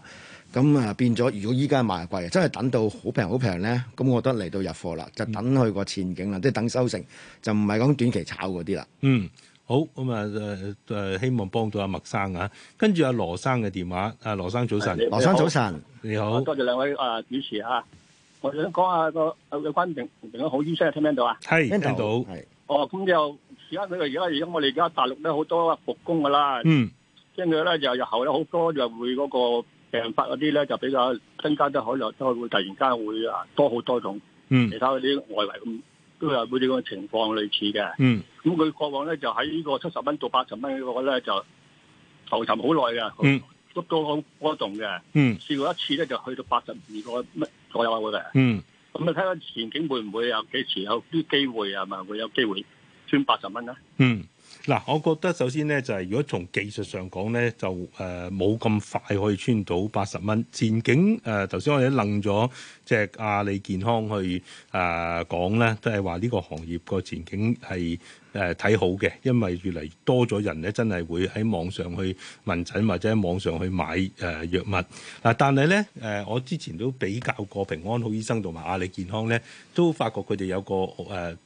咁啊變咗。如果依家賣貴，真係等到好平好平咧，咁我覺得嚟到入貨啦，就等佢個前景啦，即係、嗯、等收成，就唔係講短期炒嗰啲啦。嗯，好，咁啊，誒誒，希望幫到阿麥生啊，跟住阿羅生嘅電話，阿羅生早晨，羅生早晨，你好，你好，多謝兩位啊主持啊。我想講下個有關疫疫情嘅好消息聽唔聽到啊？係， 聽到。係。 哦，咁又而家佢而家而家我哋而家大陸咧好多復工噶啦。嗯。跟住咧就日後咧好多就會嗰個病發嗰啲咧就比較增加咗，可能都會突然間會啊多好多種。其他嗰啲外圍咁都有好似個情況類似嘅。嗯。咁佢、嗯、過往咧就喺呢個七十蚊到八十蚊嗰個咧就浮沉好耐嘅。嗯。都都好波動嘅。嗯。試過一次咧就去到八十二個乜？我有嘅，嗯，咁你睇下前景會唔會有幾時有啲機會啊？係咪會有機會穿八十蚊咧？嗯，嗱，我覺得首先咧就係如果從技術上講咧，就誒冇咁快可以穿到八十蚊前景。誒、呃，頭先我哋都諗咗即係阿里健康去誒講咧，都係話呢個行業個前景係。誒睇好嘅，因為越嚟越多咗人咧，真係會喺網上去問診或者喺網上去買誒藥、呃、物。嗱、啊，但係咧誒，我之前都比較過平安好醫生同埋阿里健康咧，都發覺佢哋有個誒好，呃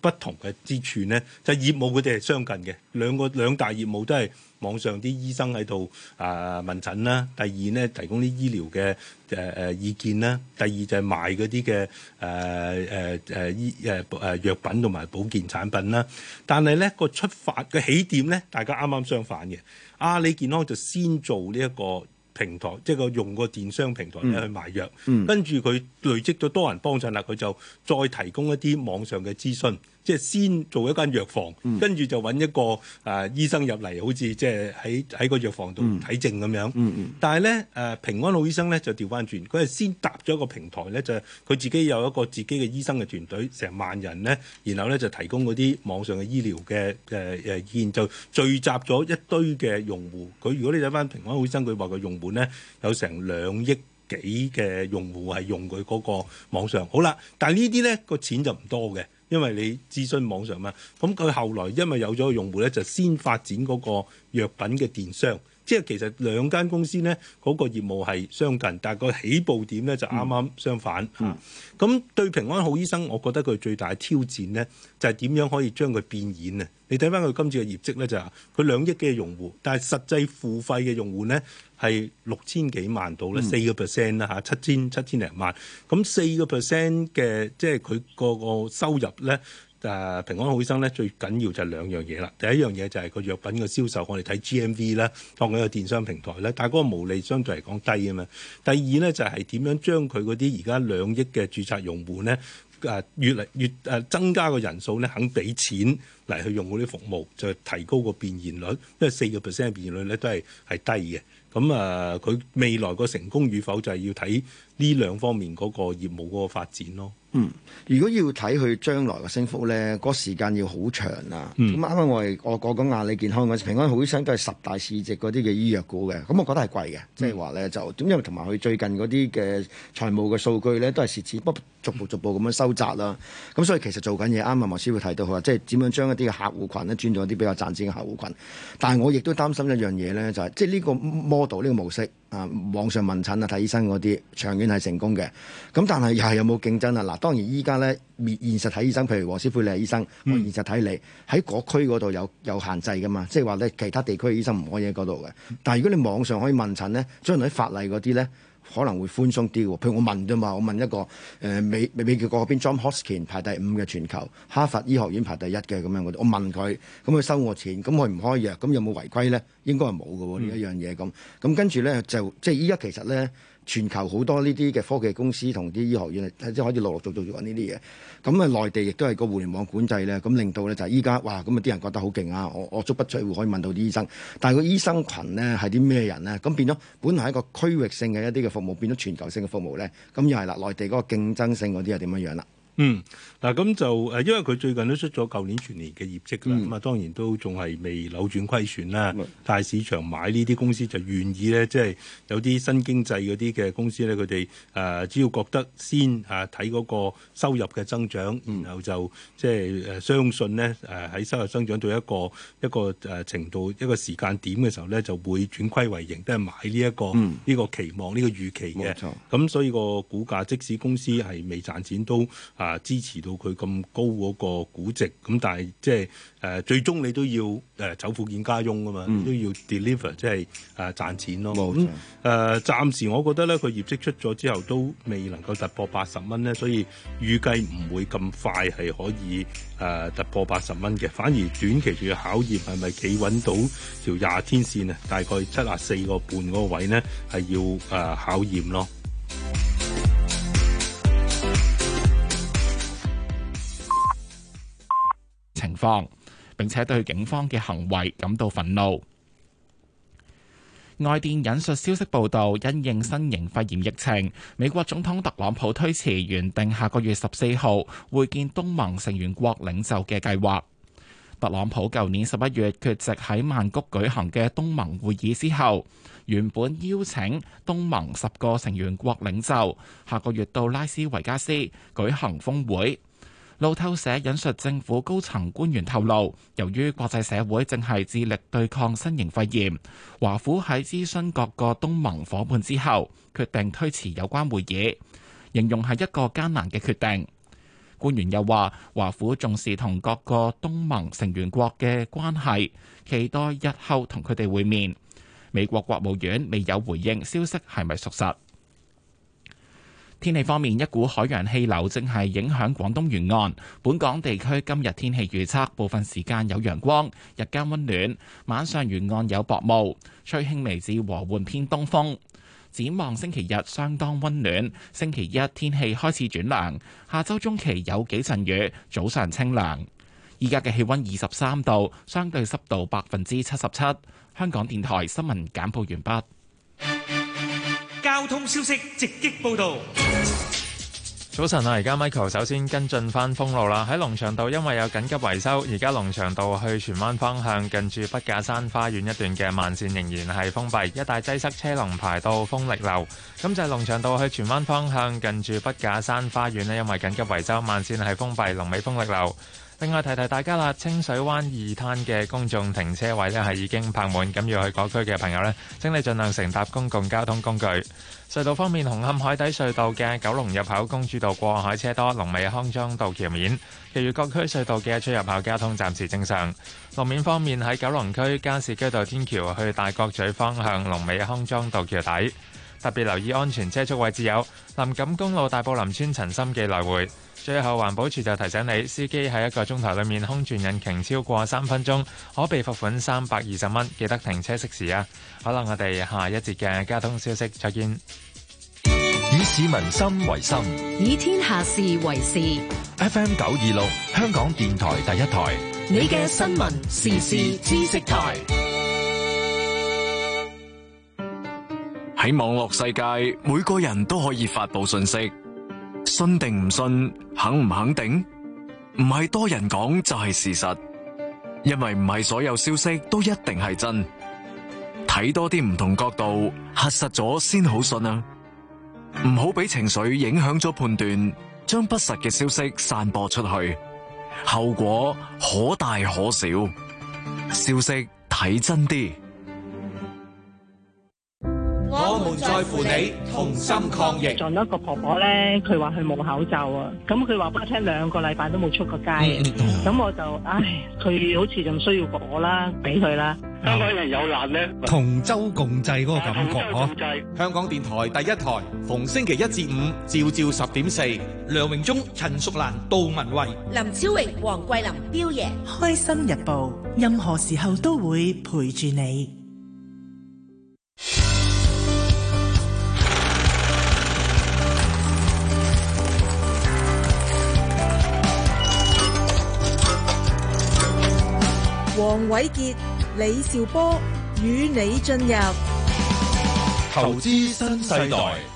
不同嘅之處咧，就係、業務佢哋係相近嘅，兩個兩大業務都係網上啲醫生喺度啊問診啦。第二咧，提供啲醫療嘅誒誒意見啦。第二就係賣嗰啲嘅誒誒誒醫誒誒藥品同埋保健產品啦。但係咧、這個出發嘅起點咧，大家啱啱相反嘅。阿、啊、里健康就先做呢、這、一個。平台即係個用個電商平台咧去賣藥，嗯、跟住佢累積咗多人幫襯啦，佢就再提供一啲網上嘅諮詢。即係先做一間藥房，跟住就揾一個誒、呃、醫生入嚟，好似即係喺喺個藥房度睇症咁樣。但係呢，誒、呃、平安好醫生呢就調翻轉，佢係先搭咗一個平台呢，就佢、係、自己有一個自己嘅醫生嘅團隊，成萬人呢，然後呢就提供嗰啲網上嘅醫療嘅誒誒線，就聚集咗一堆嘅用戶。佢如果你睇翻平安好醫生，佢話嘅用戶呢有成兩億幾嘅用戶係用佢嗰個網上。好啦，但係呢啲呢、這個錢就唔多嘅。因為你諮詢網上嘛，咁佢後來因為有咗個用戶咧，就先發展嗰個藥品嘅電商。即係其實兩間公司咧，嗰、那個業務係相近，但係個起步點咧就啱啱相反咁、嗯啊、對平安好醫生，我覺得佢最大挑戰咧，就係、是、點樣可以將佢變現啊？你睇翻佢今次嘅業績咧，就係佢兩億嘅用戶，但係實際付費嘅用戶咧係六千幾萬到咧，四個 percent 啦嚇，七、啊、千七千零萬。咁四個 percent 嘅即係佢個個收入咧。誒、啊、平安好醫生咧，最緊要就係兩樣嘢啦，第一樣嘢就係個藥品嘅銷售，我哋睇 G M V 啦、啊，當佢個電商平台咧，但係嗰個毛利相對嚟講低啊嘛。第二咧就係、是、點樣將佢嗰啲而家兩億嘅註冊用戶咧，誒、啊、越嚟越誒增加個人數咧，肯俾錢嚟去用嗰啲服務，就提高個變現率，因為四個 percent 嘅變現率咧都係係低嘅。咁、嗯、啊，佢未來個成功與否就係要睇，呢兩方面嗰個業務嗰個發展咯。嗯，如果要睇佢將來嘅升幅咧，嗰、那個、時間要好長啦。咁啱啱我哋，我講緊阿里健康平安好醫生都係十大市值嗰啲嘅醫藥股嘅。咁我覺得係貴嘅，即係話咧就點？因為同埋佢最近嗰啲嘅財務嘅數據咧，都係蝕錢不逐步逐步咁樣收窄啦。咁所以其實做緊嘢啱啱黃師傅提到佢話，即係點樣將一啲嘅客戶群咧轉做一啲比較賺錢嘅客戶群。但係我亦都擔心一樣嘢咧，就係即係呢個 model 呢個模式。啊！網上問診啊，睇醫生嗰啲長遠係成功嘅，咁但係又係有冇競爭啊？嗱，當然依家咧，現現實睇醫生，譬如黃師傅你係醫生，嗯、我現實睇你喺個區嗰度有有限制㗎嘛。即係話咧其他地區嘅醫生唔可以喺嗰度嘅。但係如果你網上可以問診咧，將來喺法例嗰啲咧。可能會寬鬆啲喎，譬如我問啫嘛，我問一個誒、呃、美美美國嗰邊 John Hoskin 排第五嘅全球哈佛醫學院排第一嘅咁樣，我我問佢，咁佢收我錢，咁佢唔開藥，咁有冇違規咧？應該係冇㗎喎，嗯、呢一樣嘢咁，咁跟住咧就即係依家其實咧。全球好多呢啲嘅科技公司同啲醫學院可以錄錄，即係開始陸陸續續做緊呢啲嘢。咁啊，內地亦都係個互聯網管制咧，咁令到咧就係依家，哇！咁啊，啲人覺得好勁啊，我我足不出戶可以問到啲醫生。但係個醫生群咧係啲咩人咧？咁變咗本來係一個區域性嘅一啲嘅服務，變咗全球性嘅服務咧，咁又係啦。內地嗰個競爭性嗰啲係點樣樣啦？嗯。嗱咁、啊、就誒，因為佢最近都出咗舊年全年嘅業績啦，咁啊、嗯、當然都仲係未扭轉虧損啦，嗯、但係市場買呢啲公司就願意咧，即係有啲新經濟嗰啲嘅公司咧，佢哋誒只要覺得先啊睇嗰個收入嘅增長，然後就即係誒相信咧誒喺收入增長到一個一個誒程度一個時間點嘅時候咧，就會轉虧為盈，都係買呢一個呢、嗯、個期望呢個預期嘅。冇錯，咁所以個股價即使公司係未賺錢都啊支持到。佢咁高嗰個估值，咁但係即係誒最終你都要誒、呃、走庫建家用噶嘛，都要 deliver 即、就、係、是、誒賺、呃、錢咯。冇錯錯。誒暫、嗯呃、時我覺得咧，佢業績出咗之後都未能夠突破八十蚊咧，所以預計唔會咁快係可以誒、呃、突破八十蚊嘅。反而短期仲要考驗係咪企穩到條廿天線啊，大概七十四個半嗰個位咧係要誒、呃、考驗咯。情況，並且對警方嘅行為感到憤怒。外電引述消息報道，因應新型肺炎疫情，美國總統特朗普推遲原定下個月十四號會見東盟成員國領袖嘅計劃。特朗普舊年十一月缺席喺曼谷舉行嘅東盟會議之後，原本邀請東盟十個成員國領袖下個月到拉斯維加斯舉行峰會。路透社引述政府高層官員透露，由於國際社會正係致力對抗新型肺炎，華府喺諮詢各個東盟夥伴之後，決定推遲有關會議，形容係一個艱難嘅決定。官員又話，華府重視同各個東盟成員國嘅關係，期待日後同佢哋會面。美國國務院未有回應消息係咪屬實。天氣方面，一股海洋氣流正係影響廣東沿岸。本港地區今日天氣預測，部分時間有陽光，日間溫暖，晚上沿岸有薄霧，吹輕微至和緩偏東風。展望星期日相當溫暖，星期一天氣開始轉涼。下周中期有幾陣雨，早上清涼。依家嘅氣溫二十三度，相對濕度百分之七十七。香港電台新聞簡報完畢。交通消息直擊報道。早晨啊，而家 Michael 首先跟進翻封路啦。喺龍翔道因為有緊急維修，而家龍翔道去荃灣方向近住筆架山花園一段嘅慢線仍然係封閉，一帶擠塞，車龍排到豐力樓。咁就係龍翔道去荃灣方向近住筆架山花園咧，因為緊急維修，慢線係封閉，龍尾豐力樓。另外提提大家啦，清水灣二灘嘅公眾停車位呢係已經泊滿，咁要去嗰區嘅朋友呢，請你盡量乘搭公共交通工具。隧道方面，紅磡海底隧道嘅九龍入口公主道過海車多，龍尾康莊道橋面；其餘各區隧道嘅出入口交通暫時正常。路面方面，喺九龍區加士居道天橋去大角咀方向，龍尾康莊道橋底。特別留意安全車速位置有林錦公路大埔林村陳心記來回。最後環保署就提醒你，司機喺一個鐘頭裏面空轉引擎超過三分鐘，可被罰款三百二十蚊。記得停車熄匙啊！好啦，我哋下一節嘅交通消息再見。以市民心為心，以天下事為事。F M 九二六，香港電台第一台你，你嘅新聞時事知識台。喺網絡世界，每個人都可以發佈信息。信定唔信，肯唔肯定，唔係多人講就係事實。因為唔係所有消息都一定係真。睇多啲唔同角度，核實咗先好信啊！唔好俾情緒影響咗判斷，將不實嘅消息散播出去，後果可大可小。消息睇真啲。我們在乎你，同心抗疫。撞到一個婆婆咧，佢話佢冇口罩啊，咁佢話俾我聽兩個禮拜都冇出過街。咁我就唉，佢好似仲需要過我啦，俾佢啦。香港人有難咧，同舟共濟嗰個感覺嗬。同舟共濟。香港電台第一台，逢星期一至五，朝朝十點四。梁榮忠、陳淑蘭、杜文慧、林超榮、黃桂林、彪爺，開心日報，任何時候都會陪住你。黃瑋傑、李兆波與你進入投資新世代。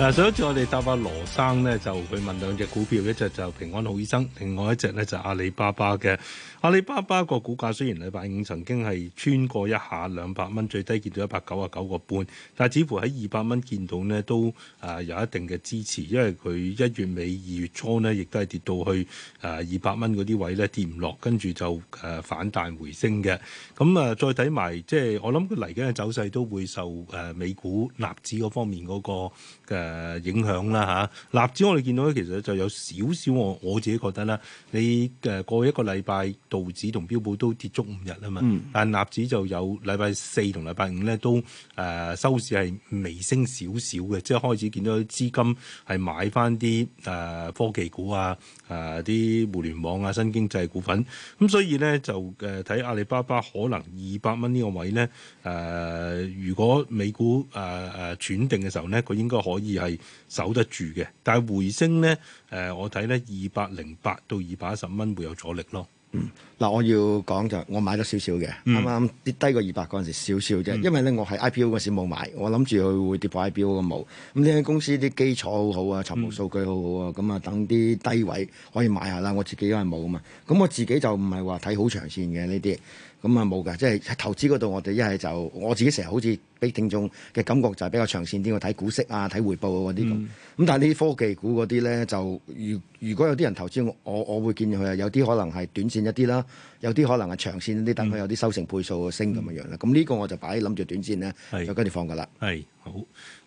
嗱，上一次我哋答阿羅生咧，就去問兩隻股票，一隻就平安好醫生，另外一隻咧就阿里巴巴嘅。阿里巴巴個股價雖然禮拜五曾經係穿過一下兩百蚊，最低見到一百九啊九個半，但係似乎喺二百蚊見到呢，都誒、呃、有一定嘅支持，因為佢一月尾二月初呢，亦都係跌到去誒二百蚊嗰啲位咧跌唔落，跟住就誒、呃、反彈回升嘅。咁、嗯、啊，再睇埋即係我諗佢嚟緊嘅走勢都會受誒、呃、美股納指嗰方面嗰、嗰個。嘅、呃、影響啦嚇，納指我哋見到咧，其實就有少少我我自己覺得啦，你誒、呃、過去一個禮拜，道指同標普都跌足五日啊嘛，嗯、但係納指就有禮拜四同禮拜五咧都誒、呃、收市係微升少少嘅，即係開始見到資金係買翻啲誒科技股啊。啊！啲互聯網啊，新經濟股份咁、啊，所以咧就誒睇、啊、阿里巴巴可能二百蚊呢個位咧，誒、啊、如果美股誒誒轉定嘅時候咧，佢應該可以係守得住嘅，但係回升咧誒、啊，我睇咧二百零八到二百一十蚊會有阻力咯。嗯，嗱，我要講就我買咗少少嘅，啱啱、嗯、跌低過二百嗰陣時少少啫，因為咧我喺 IPO 嗰時冇買，我諗住佢會跌破 IPO 嘅冇。咁呢間公司啲基礎好好啊，財務數據好好啊，咁啊、嗯、等啲低位可以買下啦。我自己都係冇嘛，咁我自己就唔係話睇好長線嘅呢啲。咁啊冇噶，即係投資嗰度，我哋一係就我自己成日好似俾聽眾嘅感覺就比較長線啲，我睇股息啊、睇回報嗰啲咁。咁、嗯、但係啲科技股嗰啲咧，就如如果有啲人投資，我我會見佢係有啲可能係短線一啲啦，有啲可能係長線一啲，等佢有啲收成倍數升咁嘅樣啦。咁呢、嗯、個我就擺喺諗住短線咧，是就跟住放噶啦。係，好，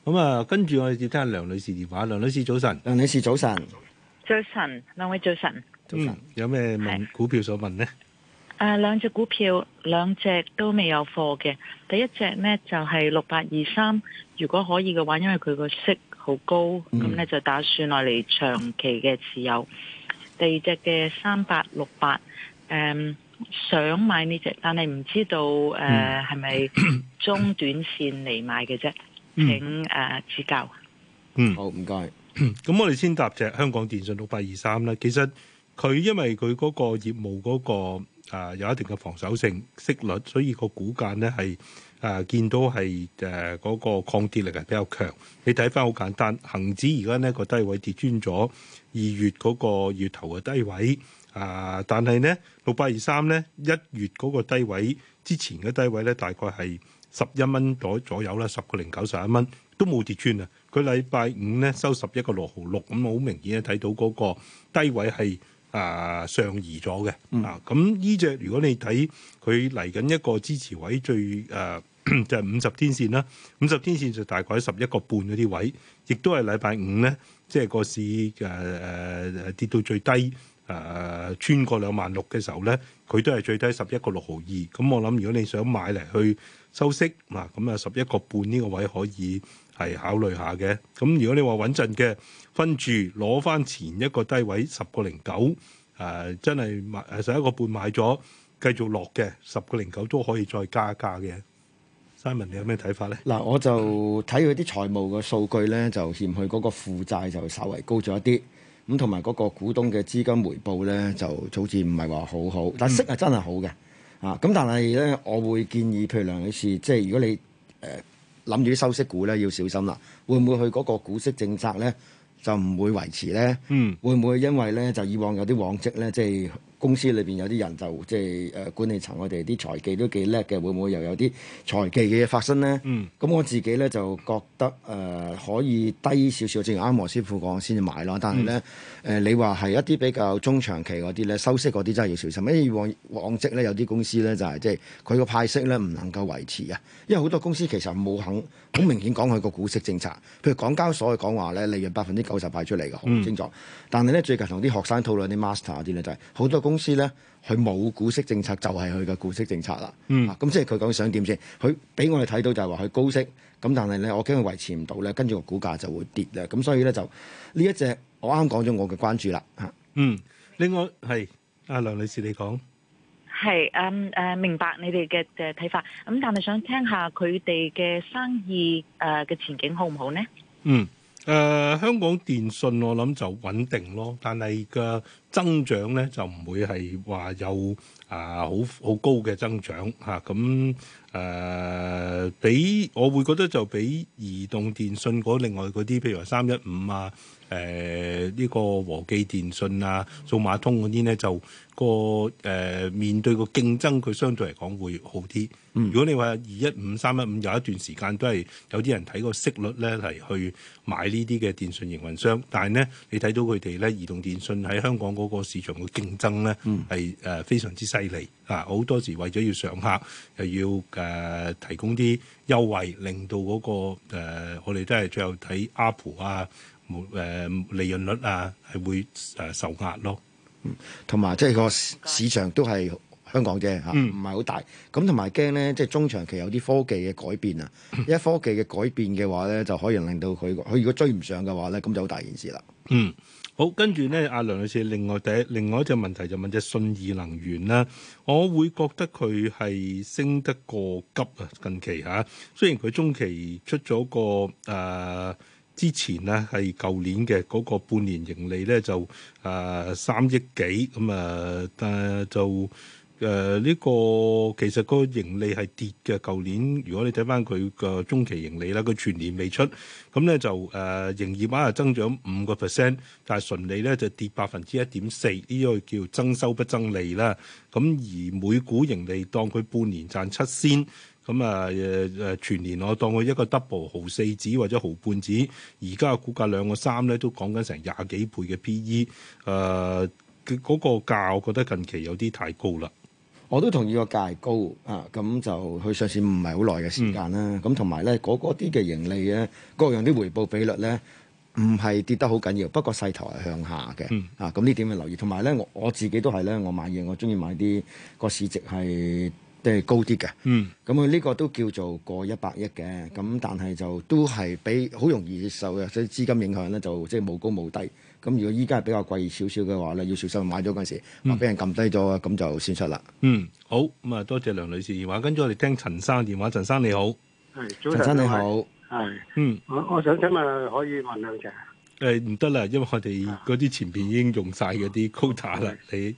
咁啊，跟住我哋接聽阿梁女士電話。梁女士早晨，梁女士早晨，早晨兩位早晨，早晨、嗯、有咩問股票所問咧？誒、啊，兩隻股票，兩隻都未有貨嘅。第一隻呢，就係六八二三，如果可以嘅話，因為佢個息好高，咁呢、嗯嗯、就打算落嚟長期嘅持有。第二隻嘅三八六八，誒，想買呢隻，但係唔知道誒係咪中短線嚟買嘅啫？嗯、請誒、呃、指教。嗯，好，唔該。咁 我哋先答隻香港電信六八二三啦。其實佢因為佢嗰個業務嗰、嗰個。啊，有一定嘅防守性息率，所以個股價咧係啊，見到係誒嗰個抗跌力係比較強。你睇翻好簡單，恒指而家呢個低位跌穿咗二月嗰個月頭嘅低位啊，但係呢六百二三呢一月嗰個低位之前嘅低位咧大概係十一蚊左左右啦，十個零九十一蚊都冇跌穿啊。佢禮拜五呢收十一個六毫六，咁好明顯睇到嗰個低位係。啊、呃，上移咗嘅，嗯、啊，咁呢隻如果你睇佢嚟緊一個支持位最，最、呃、誒就係五十天線啦，五十天線就大概喺十一個半嗰啲位，亦都係禮拜五咧，即係個市誒誒、呃、跌到最低，啊、呃，穿過兩萬六嘅時候咧，佢都係最低十一個六毫二，咁我諗如果你想買嚟去收息，嗱、啊，咁啊十一個半呢個位可以。係考慮下嘅，咁如果你話穩陣嘅，分住攞翻前一個低位十個零九，誒、呃，真係買，誒，十一個半買咗，繼續落嘅，十個零九都可以再加價嘅。Simon，你有咩睇法咧？嗱，我就睇佢啲財務嘅數據咧，就欠佢嗰個負債就稍為高咗一啲，咁同埋嗰個股東嘅資金回報咧，就早前唔係話好好，但息係真係好嘅，啊，咁但係咧，我會建議譬如梁女士，即係如果你誒。呃諗住啲收息股咧，要小心啦。會唔會去嗰個股息政策咧，就唔會維持咧？嗯，會唔會因為咧就以往有啲往績咧，即係？公司裏邊有啲人就即係誒、呃、管理層，我哋啲財技都幾叻嘅，會唔會又有啲財技嘅嘢發生咧？嗯，咁我自己咧就覺得誒、呃、可以低少少，正如啱黃師傅講先至買咯。但係咧誒，你話係一啲比較中長期嗰啲咧，收息嗰啲真係要小心，因、哎、為往往績咧有啲公司咧就係、是、即係佢個派息咧唔能夠維持啊，因為好多公司其實冇肯好、嗯、明顯講佢個股息政策。譬如港交所嘅講話咧，利潤百分之九十派出嚟嘅好清楚，但係咧最近同啲學生討論啲 master 嗰啲咧，就係、是、好多公公司咧，佢冇股息政策就係佢嘅股息政策啦。嗯，咁即係佢講想點先，佢俾我哋睇到就係話佢高息，咁但係咧，我驚佢維持唔到咧，跟住個股價就會跌咧。咁所以咧，就呢一隻我啱講咗我嘅關注啦。吓，嗯，另外，係阿梁女士，你講，係，嗯，誒、呃，明白你哋嘅嘅睇法，咁、嗯、但係想聽下佢哋嘅生意誒嘅前景好唔好呢？嗯。誒、呃、香港電信我諗就穩定咯，但係個增長咧就唔會係話有啊好好高嘅增長嚇咁。啊。誒、呃，比我會覺得就比移動電信嗰另外嗰啲，譬如話三一五啊，誒、呃、呢、呢個和記電信啊、數碼通嗰啲咧，就、嗰個誒、呃、面對個競爭，佢相對嚟講會好啲。嗯、如果你話二一五、三一五有一段時間都係有啲人睇個息率咧嚟去買呢啲嘅電信營運商，但係咧你睇到佢哋咧移動電信喺香港嗰個市場嘅競爭咧係誒非常之犀利啊！好多時為咗要上客又要。誒、呃、提供啲優惠，令到嗰、那個、呃、我哋都係最後睇 Apple 啊，誒、呃、利潤率啊，係會誒、呃、受壓咯。嗯，同埋即係個市場，嗯、市場都係香港啫嚇，唔係好大。咁同埋驚咧，即、就、係、是、中長期有啲科技嘅改變啊！因為、嗯、科技嘅改變嘅話咧，就可以令到佢佢如果追唔上嘅話咧，咁就好大件事啦。嗯。好，跟住咧，阿梁女士，另外第一，另外一隻問題就問隻信義能源啦，我會覺得佢係升得過急啊！近期嚇、啊，雖然佢中期出咗個誒、呃、之前咧係舊年嘅嗰個半年盈利咧就誒、呃、三億幾咁啊，但、嗯呃、就。誒呢、呃這個其實個盈利係跌嘅。舊年如果你睇翻佢嘅中期盈利啦，佢全年未出咁咧、嗯、就誒營、呃、業額係增長五個 percent，但係純利咧就跌百分之一點四，呢、這個叫增收不增利啦。咁、嗯、而每股盈利當佢半年賺七仙，咁啊誒誒全年我當佢一個 double 毫四子或者毫半子，而家股價兩個三咧都講緊成廿幾倍嘅 P E，誒、呃、嗰、那個價我覺得近期有啲太高啦。我都同意個價高啊，咁就去上市唔係好耐嘅時間啦。咁同埋咧，嗰啲嘅盈利咧，各樣啲回報比率咧，唔係跌得好緊要。不過勢頭係向下嘅、嗯、啊，咁呢點要留意。同埋咧，我我自己都係咧，我買嘢我中意買啲個市值係。即係高啲嘅，咁佢呢個都叫做過一百億嘅，咁但係就都係比好容易受嘅，所以資金影響咧就即係冇高冇低。咁如果依家係比較貴少少嘅話咧，要小心買咗嗰陣時話俾人撳低咗，咁、嗯、就損失啦。嗯，好咁啊，多謝梁女士。跟住，我哋聽陳生電話。陳生你好，陳生你好，係，嗯，我我想請問可以問兩隻。誒，唔得啦，因為我哋嗰啲前邊已經用晒嗰啲 quota 啦。你一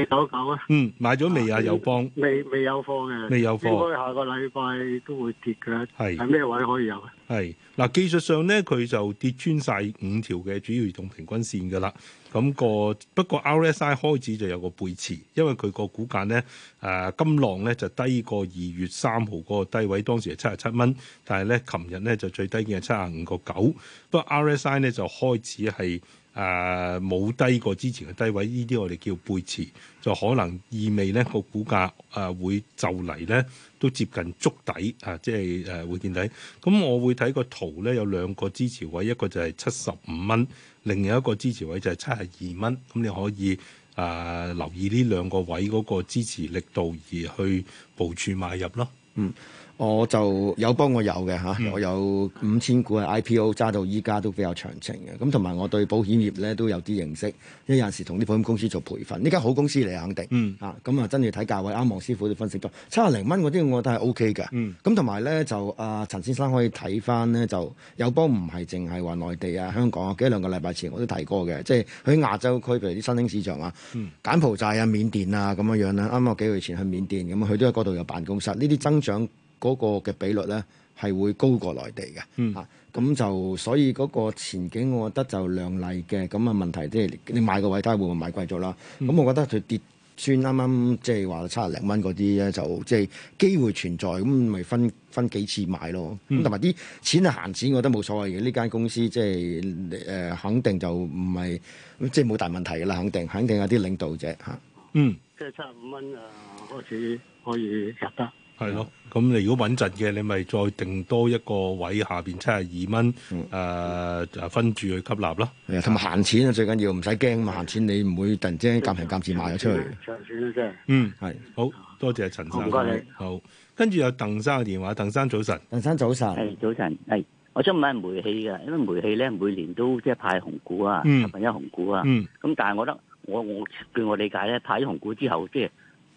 二九九啊？嗯，買咗未啊？友邦？未未有貨嘅？未有貨，應該下個禮拜都會跌嘅。係喺咩位可以有啊？係嗱，技術上咧，佢就跌穿晒五條嘅主要移動平均線噶啦。咁、那個不過 RSI 開始就有個背馳，因為佢個股價咧，誒、呃、金浪咧就低過二月三號嗰個低位，當時係七十七蚊，但係咧琴日咧就最低嘅係七十五個九。不過 RSI 咧就開始係誒冇低過之前嘅低位，呢啲我哋叫背馳，就可能意味咧個股價誒、呃、會就嚟咧都接近築底啊，即係誒、呃、會見底。咁我會睇個圖咧有兩個支持位，一個就係七十五蚊。另一個支持位就係七十二蚊，咁你可以啊、呃、留意呢兩個位嗰個支持力度，而去部署買入咯，嗯。我就友邦我有嘅嚇，我有五千股嘅 IPO 揸到依家都比較長情嘅。咁同埋我對保險業咧都有啲認識，有陣時同啲保險公司做培訓。呢間好公司你肯定嚇，咁、嗯、啊真係睇價位。啱黃師傅都分析咗，七廿零蚊嗰啲我覺得係 O K 嘅。咁同埋咧就啊、呃、陳先生可以睇翻咧就友邦唔係淨係話內地啊香港啊，幾兩個禮拜前我都提過嘅，即係喺亞洲區譬如啲新興市場啊，柬埔寨啊、緬甸啊咁樣樣、啊、啦。啱啱幾個月前去緬甸咁佢、嗯、都喺嗰度有辦公室，呢啲增長。嗰個嘅比率咧係會高過內地嘅，嚇咁、mm. 就所以嗰個前景，我覺得就亮麗嘅。咁啊問題即係、就是、你買個位睇下會唔會買貴咗啦？咁我覺得佢跌穿啱啱即係話七廿零蚊嗰啲咧，剛剛就即係機會存在，咁咪分分幾次買咯。咁同埋啲錢啊閒錢，我覺得冇所謂嘅。呢間公司即係誒肯定就唔係即係冇大問題啦，肯定肯定有啲領導者嚇。嗯，即係、mm. 七十五蚊啊，開、呃、始可以入得、mm. yes.。係咯。咁你如果穩陣嘅，你咪、嗯嗯、再定多一個位下邊七廿二蚊，誒誒、嗯呃、分住去吸納咯。同埋、嗯、閒錢啊最緊要，唔使驚嘛，閒錢你唔會突然之間夾平夾賤賣咗出去。嗯，係。好多謝陳生。唔該你。好，跟住有鄧生嘅電話，鄧生早晨。鄧生早晨。係早晨。係，我想買煤氣嘅，因為煤氣咧每年都即係派紅股啊，派一、嗯、紅股啊。咁、嗯、但係我覺得，我我，我據我理解咧，派一紅股之後即係。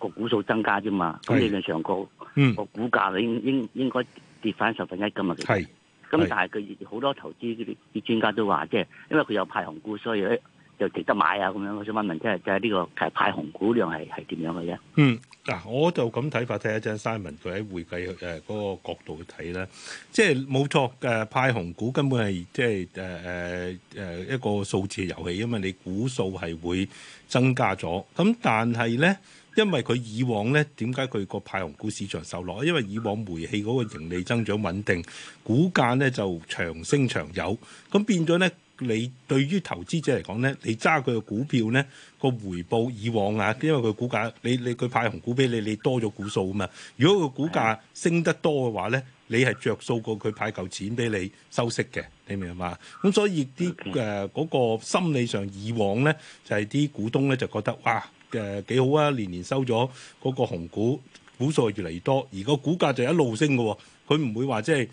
個股數增加啫嘛，咁理論上講個，個、嗯、股價應應應該跌翻十分一咁啊。其實是，咁但係佢好多投資啲專家都話，即係因為佢有派紅股，所以又、欸、值得買啊。咁樣我想問問，即係就係、是、呢個其實派紅股量係係點樣嘅啫？嗯，嗱，我就咁睇法睇吓。睇阿張 Simon 佢喺會計誒嗰個角度去睇咧，即係冇錯嘅派紅股根本係即係誒誒誒一個數字遊戲，因為你股數係會增加咗，咁但係咧。因為佢以往咧，點解佢個派紅股市場受落？因為以往煤氣嗰個盈利增長穩定，股價咧就長升長有，咁變咗咧，你對於投資者嚟講咧，你揸佢嘅股票咧，個回報以往啊，因為佢股價，你你佢派紅股俾你，你多咗股數啊嘛。如果佢股價升得多嘅話咧，你係着數過佢派嚿錢俾你收息嘅，你明唔明嘛？咁所以啲誒嗰個心理上，以往咧就係、是、啲股東咧就覺得哇。誒、呃、幾好啊！年年收咗嗰個紅股股數越嚟越多，而個股價就一路升嘅，哦。佢唔會話即係誒誒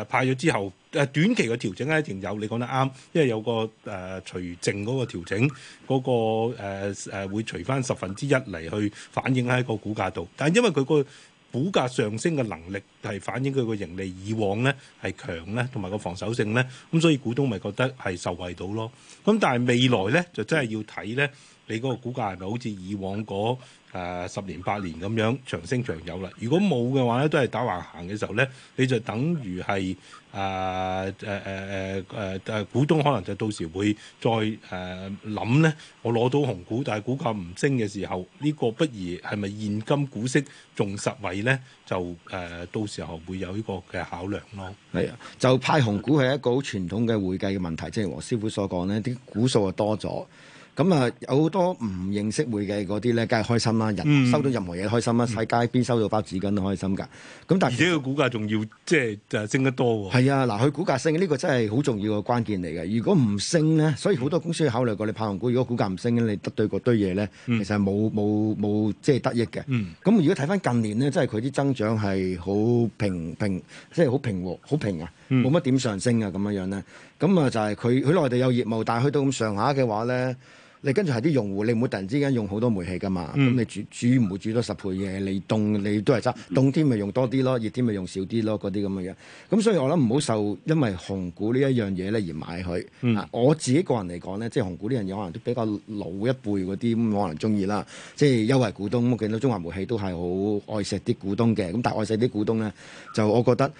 誒派咗之後，誒、呃、短期嘅調整咧，一定有。你講得啱，因為有個誒、呃、除淨嗰個調整，嗰，那個誒誒、呃啊、會除翻十分之一嚟去反映喺個股價度。但係因為佢個股價上，股價上升嘅能力係反映佢個盈利以往咧係強咧，同埋個防守性咧，咁所以股東咪覺得係受惠到咯。咁但係未來咧就真係要睇咧。你嗰個股價係咪好似以往嗰、呃、十年八年咁樣長升長有啦？如果冇嘅話咧，都係打橫行嘅時候咧，你就等於係誒誒誒誒誒，股東可能就到時會再誒諗咧。我攞到紅股，但係股價唔升嘅時候，呢個不如係咪現金股息仲實惠咧？就誒、呃、到時候會有呢個嘅考量咯。係啊，就派紅股係一個好傳統嘅會計嘅問題，即係黃師傅所講咧，啲股數啊多咗。咁啊，有好多唔認識會嘅嗰啲咧，梗係開心啦！人收到任何嘢開心啦，喺、嗯、街邊收到包紙巾都開心㗎。咁、嗯、但係，而且個股價仲要即係就係、是、升得多喎、哦。係啊，嗱，佢股價升，呢、這個真係好重要嘅關鍵嚟嘅。如果唔升咧，所以好多公司考慮過、嗯、你派紅股，如果股價唔升咧，你得對嗰堆嘢咧，其實係冇冇冇即係得益嘅。咁、嗯、如果睇翻近年咧，即係佢啲增長係好平平，即係好平和，好平啊，冇乜、嗯、點上升啊，咁樣樣咧。咁啊，就係佢佢內地有業務，但係去到咁上下嘅話咧。你跟住係啲用戶，你唔會突然之間用好多煤氣㗎嘛。咁、嗯、你煮煮唔會煮多十倍嘢，你凍你都係執冬天咪用多啲咯，熱天咪用少啲咯。嗰啲咁嘅嘢。咁，所以我諗唔好受因為紅股呢一樣嘢咧而買佢。嗯、我自己個人嚟講咧，即係紅股呢樣嘢，可能都比較老一輩嗰啲咁可能鍾意啦。即係優惠股東，我見到中華煤氣都係好愛錫啲股東嘅。咁但係愛錫啲股東咧，就我覺得。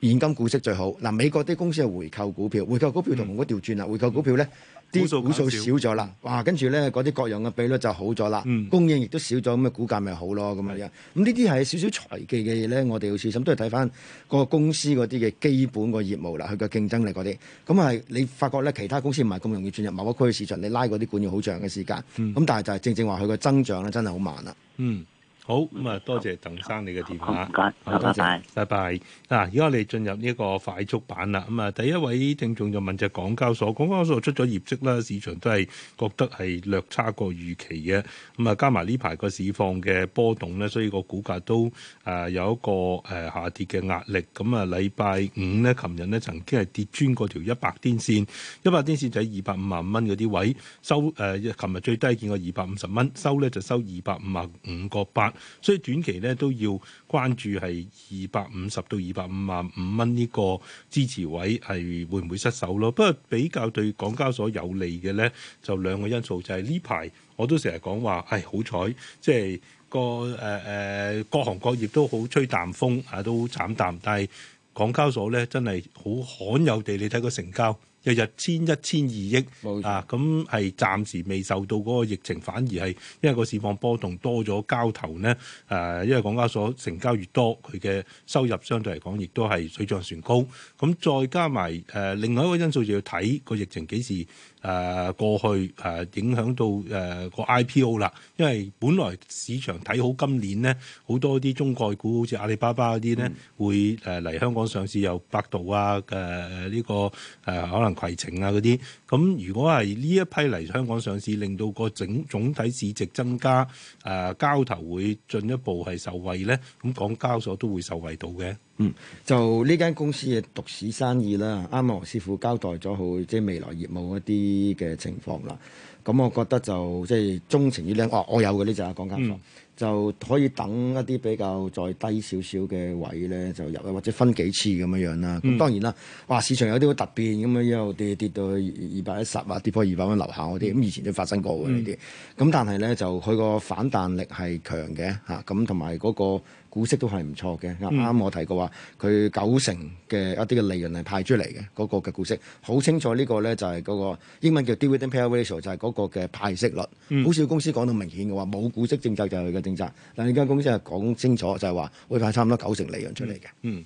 現金股息最好嗱、啊，美國啲公司係回購股票，回購股票同嗰調轉啦，嗯、回購股票咧啲、嗯、股，股數少咗啦，哇，跟住咧嗰啲各樣嘅比率就好咗啦，嗯、供應亦都少咗，咁嘅股價咪好咯，咁啊樣，咁呢啲係少少財技嘅嘢咧，我哋要小心，都係睇翻個公司嗰啲嘅基本個業務啦，佢嘅競爭力嗰啲，咁啊係你發覺咧，其他公司唔係咁容易進入某一區嘅市場，你拉嗰啲管要好長嘅時間，咁、嗯嗯、但係就係正正話佢嘅增長咧真係好慢啦。嗯好咁啊，多謝鄧生你嘅電話，唔該，多謝，拜拜。嗱，而家我哋進入呢一個快速版啦。咁啊，第一位聽眾就問隻港交所，港交所出咗業績啦，市場都係覺得係略差過預期嘅。咁啊，加埋呢排個市況嘅波動咧，所以個股價都誒有一個誒下跌嘅壓力。咁啊，禮拜五咧，琴日咧曾經係跌穿嗰條一百天線，一百天線就係二百五萬蚊嗰啲位收誒，琴日最低見過二百五十蚊，收咧就收二百五萬五個八。所以短期咧都要關注係二百五十到二百五十五蚊呢個支持位係會唔會失守咯？不過比較對港交所有利嘅咧，就兩個因素就係呢排我都成日講話，係好彩，即係、就是、個誒誒、呃、各行各業都好吹淡風啊，都好慘淡，但係港交所咧真係好罕有地，你睇個成交。日日千一千二億啊，咁係暫時未受到嗰個疫情，反而係因為個市況波動多咗交投呢。誒、啊，因為港交所成交越多，佢嘅收入相對嚟講亦都係水漲船高。咁、啊、再加埋誒、啊，另外一個因素就要睇個疫情幾時。誒、啊、過去誒、啊、影響到誒、啊、個 IPO 啦，因為本來市場睇好今年咧，好多啲中概股好似阿里巴巴嗰啲咧，嗯、會誒嚟、啊、香港上市，有百度啊、誒、啊、呢、這個誒、啊、可能攜程啊嗰啲。咁、啊、如果係呢一批嚟香港上市，令到個整總體市值增加，誒、啊、交投會進一步係受惠咧，咁港交所都會受惠到嘅。嗯，就呢間公司嘅獨市生意啦，啱啱黃師傅交代咗好，即、就、係、是、未來業務一啲嘅情況啦。咁我覺得就即係鍾情啲咧。哇，我有嘅呢就啊，講家貨、嗯、就可以等一啲比較再低少少嘅位咧，就入去，或者分幾次咁樣樣啦。咁當然啦，哇，市場有啲好突變咁啊，又跌跌到去二百一十啊，跌破二百蚊樓下嗰啲，咁以前都發生過喎、嗯、呢啲。咁但係咧就佢個反彈力係強嘅嚇，咁同埋嗰個。股息都係唔錯嘅，啱啱我提過話，佢九成嘅一啲嘅利潤係派出嚟嘅，嗰、嗰個嘅股息好清楚、嗰個。呢個咧就係嗰個英文叫 Dividend Payout Ratio，就係嗰個嘅派息率。嗯、好少公司講到明顯嘅話，冇股息政策就係佢嘅政策，但係呢間公司係講清楚就，就係話會派差唔多九成利潤出嚟嘅。嗯嗯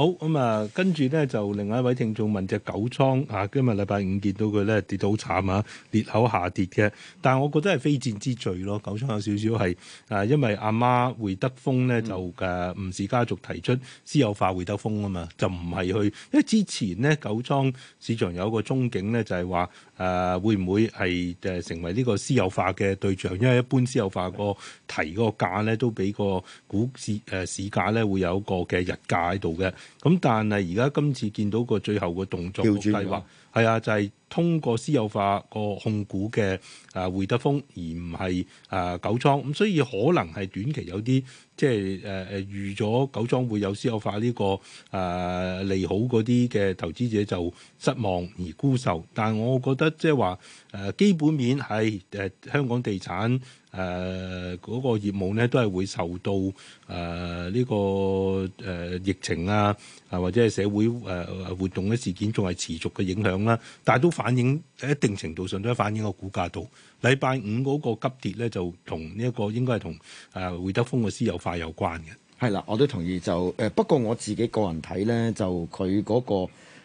好咁啊，跟住咧就另外一位聽眾問隻九倉啊，今日禮拜五見到佢咧跌到好慘啊，裂口下跌嘅。但係我覺得係非戰之罪咯，九倉有少少係啊，因為阿媽會德豐咧就誒、啊、吳氏家族提出私有化會德豐啊嘛，就唔係去。因為之前咧九倉市場有一個憧憬咧就係話誒會唔會係誒成為呢個私有化嘅對象，因為一般私有化個提個價咧都比個股市誒、啊、市價咧會有一個嘅日價喺度嘅。咁但係而家今次見到個最後個動作計劃，係啊，就係、是。通過私有化個控股嘅啊會德豐，而唔係啊九倉。咁所以可能係短期有啲即係誒誒預咗九倉會有私有化呢、呢個誒、呃、利好嗰啲嘅投資者就失望而沽售，但係我覺得即係話誒基本面係誒香港地產誒嗰、呃嗰個業務咧都係會受到誒呢、呃呢個誒、呃、疫情啊，啊或者係社會誒、呃、活動嘅事件仲係持續嘅影響啦，但係都。反映喺一定程度上都反映個股價度。禮拜五嗰個急跌咧，這個，就同呢一個應該係同誒會德豐嘅私有化有關嘅。係啦，我都同意。就誒、呃，不過我自己個人睇咧，就佢嗰個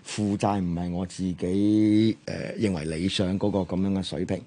負債唔係我自己誒、呃、認為理想嗰個咁樣嘅水平。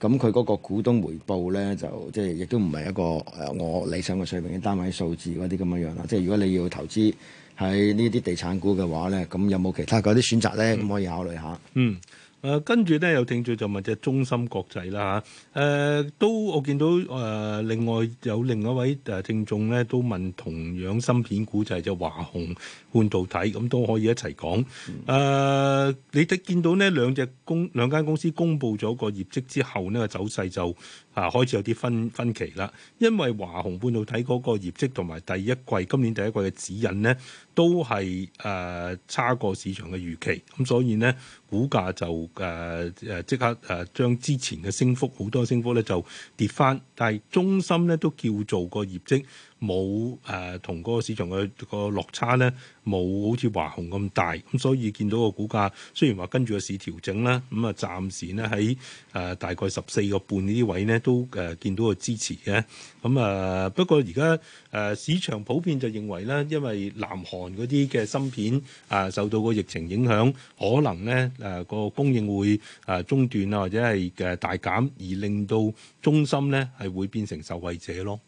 咁佢嗰個股東回報咧，就即係亦都唔係一個誒、呃、我理想嘅水平啲單位數字嗰啲咁嘅樣啦。即係如果你要投資喺呢啲地產股嘅話咧，咁有冇其他嗰啲選擇咧？咁、嗯、可以考慮下。嗯。誒、呃、跟住咧有聽眾就問隻中芯國際啦嚇，誒、呃、都我見到誒、呃、另外有另一位誒聽眾咧都問同樣芯片股就係隻華虹半導體，咁、嗯、都可以一齊講誒，你哋見到呢兩隻公兩間公司公布咗個業績之後呢、這個走勢就。啊，開始有啲分分歧啦，因為華虹半導體嗰個業績同埋第一季今年第一季嘅指引咧，都係誒、呃、差過市場嘅預期，咁所以咧股價就誒誒即刻誒將之前嘅升幅好多升幅咧就跌返，但係中芯咧都叫做個業績。冇誒同嗰個市場嘅、嗰個落差咧，冇好似華虹咁大，咁所以見到個股價雖然話跟住個市調整啦，咁啊暫時咧喺誒大概十四個半呢啲位咧都誒、呃、見到個支持嘅，咁、嗯、啊、呃、不過而家誒市場普遍就認為咧，因為南韓嗰啲嘅芯片啊、呃、受到個疫情影響，可能咧誒個供應會誒中斷啊，或者係嘅大減，而令到中芯咧係會變成受惠者咯。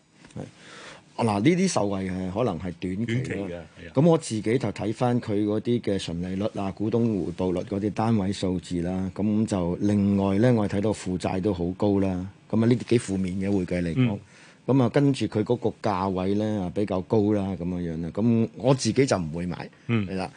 嗱，呢啲受惠係可能係短期啦。咁我自己就睇翻佢嗰啲嘅純利率啊、股東回報率嗰啲單位數字啦。咁就另外咧，我睇到負債都好高啦。咁啊，呢啲幾負面嘅會計嚟講。咁啊、嗯，跟住佢嗰個價位咧比較高啦，咁樣樣啦。咁我自己就唔會買，係啦、嗯。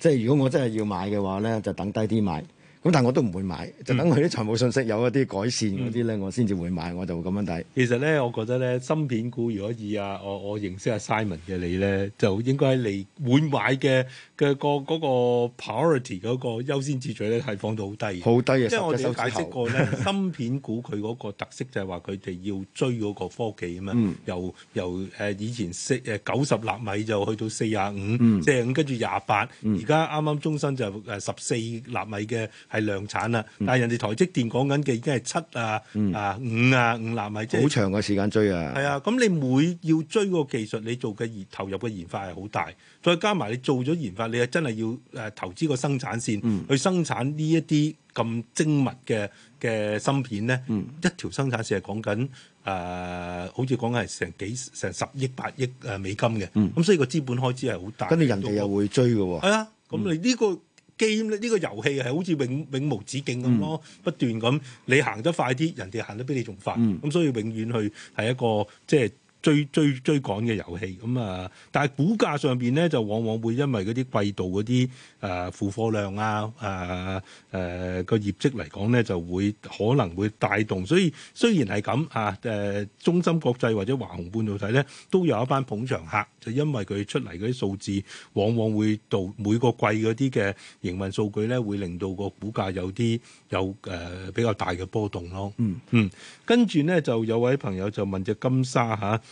即係如果我真係要買嘅話咧，就等低啲買。咁但係我都唔會買，嗯、就等佢啲財務信息有一啲改善嗰啲咧，嗯、我先至會買。我就咁樣睇。其實咧，我覺得咧，芯片股如果以啊，我我認識阿 Simon 嘅你咧，就應該係你換買嘅嘅個嗰、嗰個 priority 嗰個優先秩序咧，係放到好低。好低嘅，因為我哋解釋過咧， 芯片股佢嗰個特色就係話佢哋要追嗰個科技咁樣、嗯。由由誒以前四誒九十納米就去到四十五、四十五，跟住廿八，而家啱啱中芯就誒十四納米嘅。嗯係量產啦，但係人哋台積電講緊嘅已經係七啊、嗯、啊五啊五納米左右，即係好長嘅時間追啊！係啊，咁你每要追個技術，你做嘅研投入嘅研發係好大，再加埋你做咗研發，你係真係要誒、啊、投資個生產線、嗯、去生產呢一啲咁精密嘅嘅芯片咧。嗯、一條生產線係講緊誒，好似講緊係成幾成十億、百億誒美金嘅。咁、嗯、所以個資本開支係好大。跟住人哋又會追㗎喎。係啊，咁、嗯、你呢、個。Game 呢個遊戲係好似永永無止境咁咯，嗯、不斷咁你行得快啲，人哋行得比你仲快，咁、嗯、所以永遠去係一個即係。最追追趕嘅遊戲咁啊、嗯！但係股價上邊咧，就往往會因為嗰啲季度嗰啲誒付貨量啊、誒誒個業績嚟講咧，就會可能會帶動。所以雖然係咁嚇誒，中芯國際或者華虹半導體咧，都有一班捧場客，就因為佢出嚟嗰啲數字，往往會到每個季嗰啲嘅營運數據咧，會令到個股價有啲有誒、呃、比較大嘅波動咯。嗯嗯，跟住咧就有位朋友就問隻金沙嚇。啊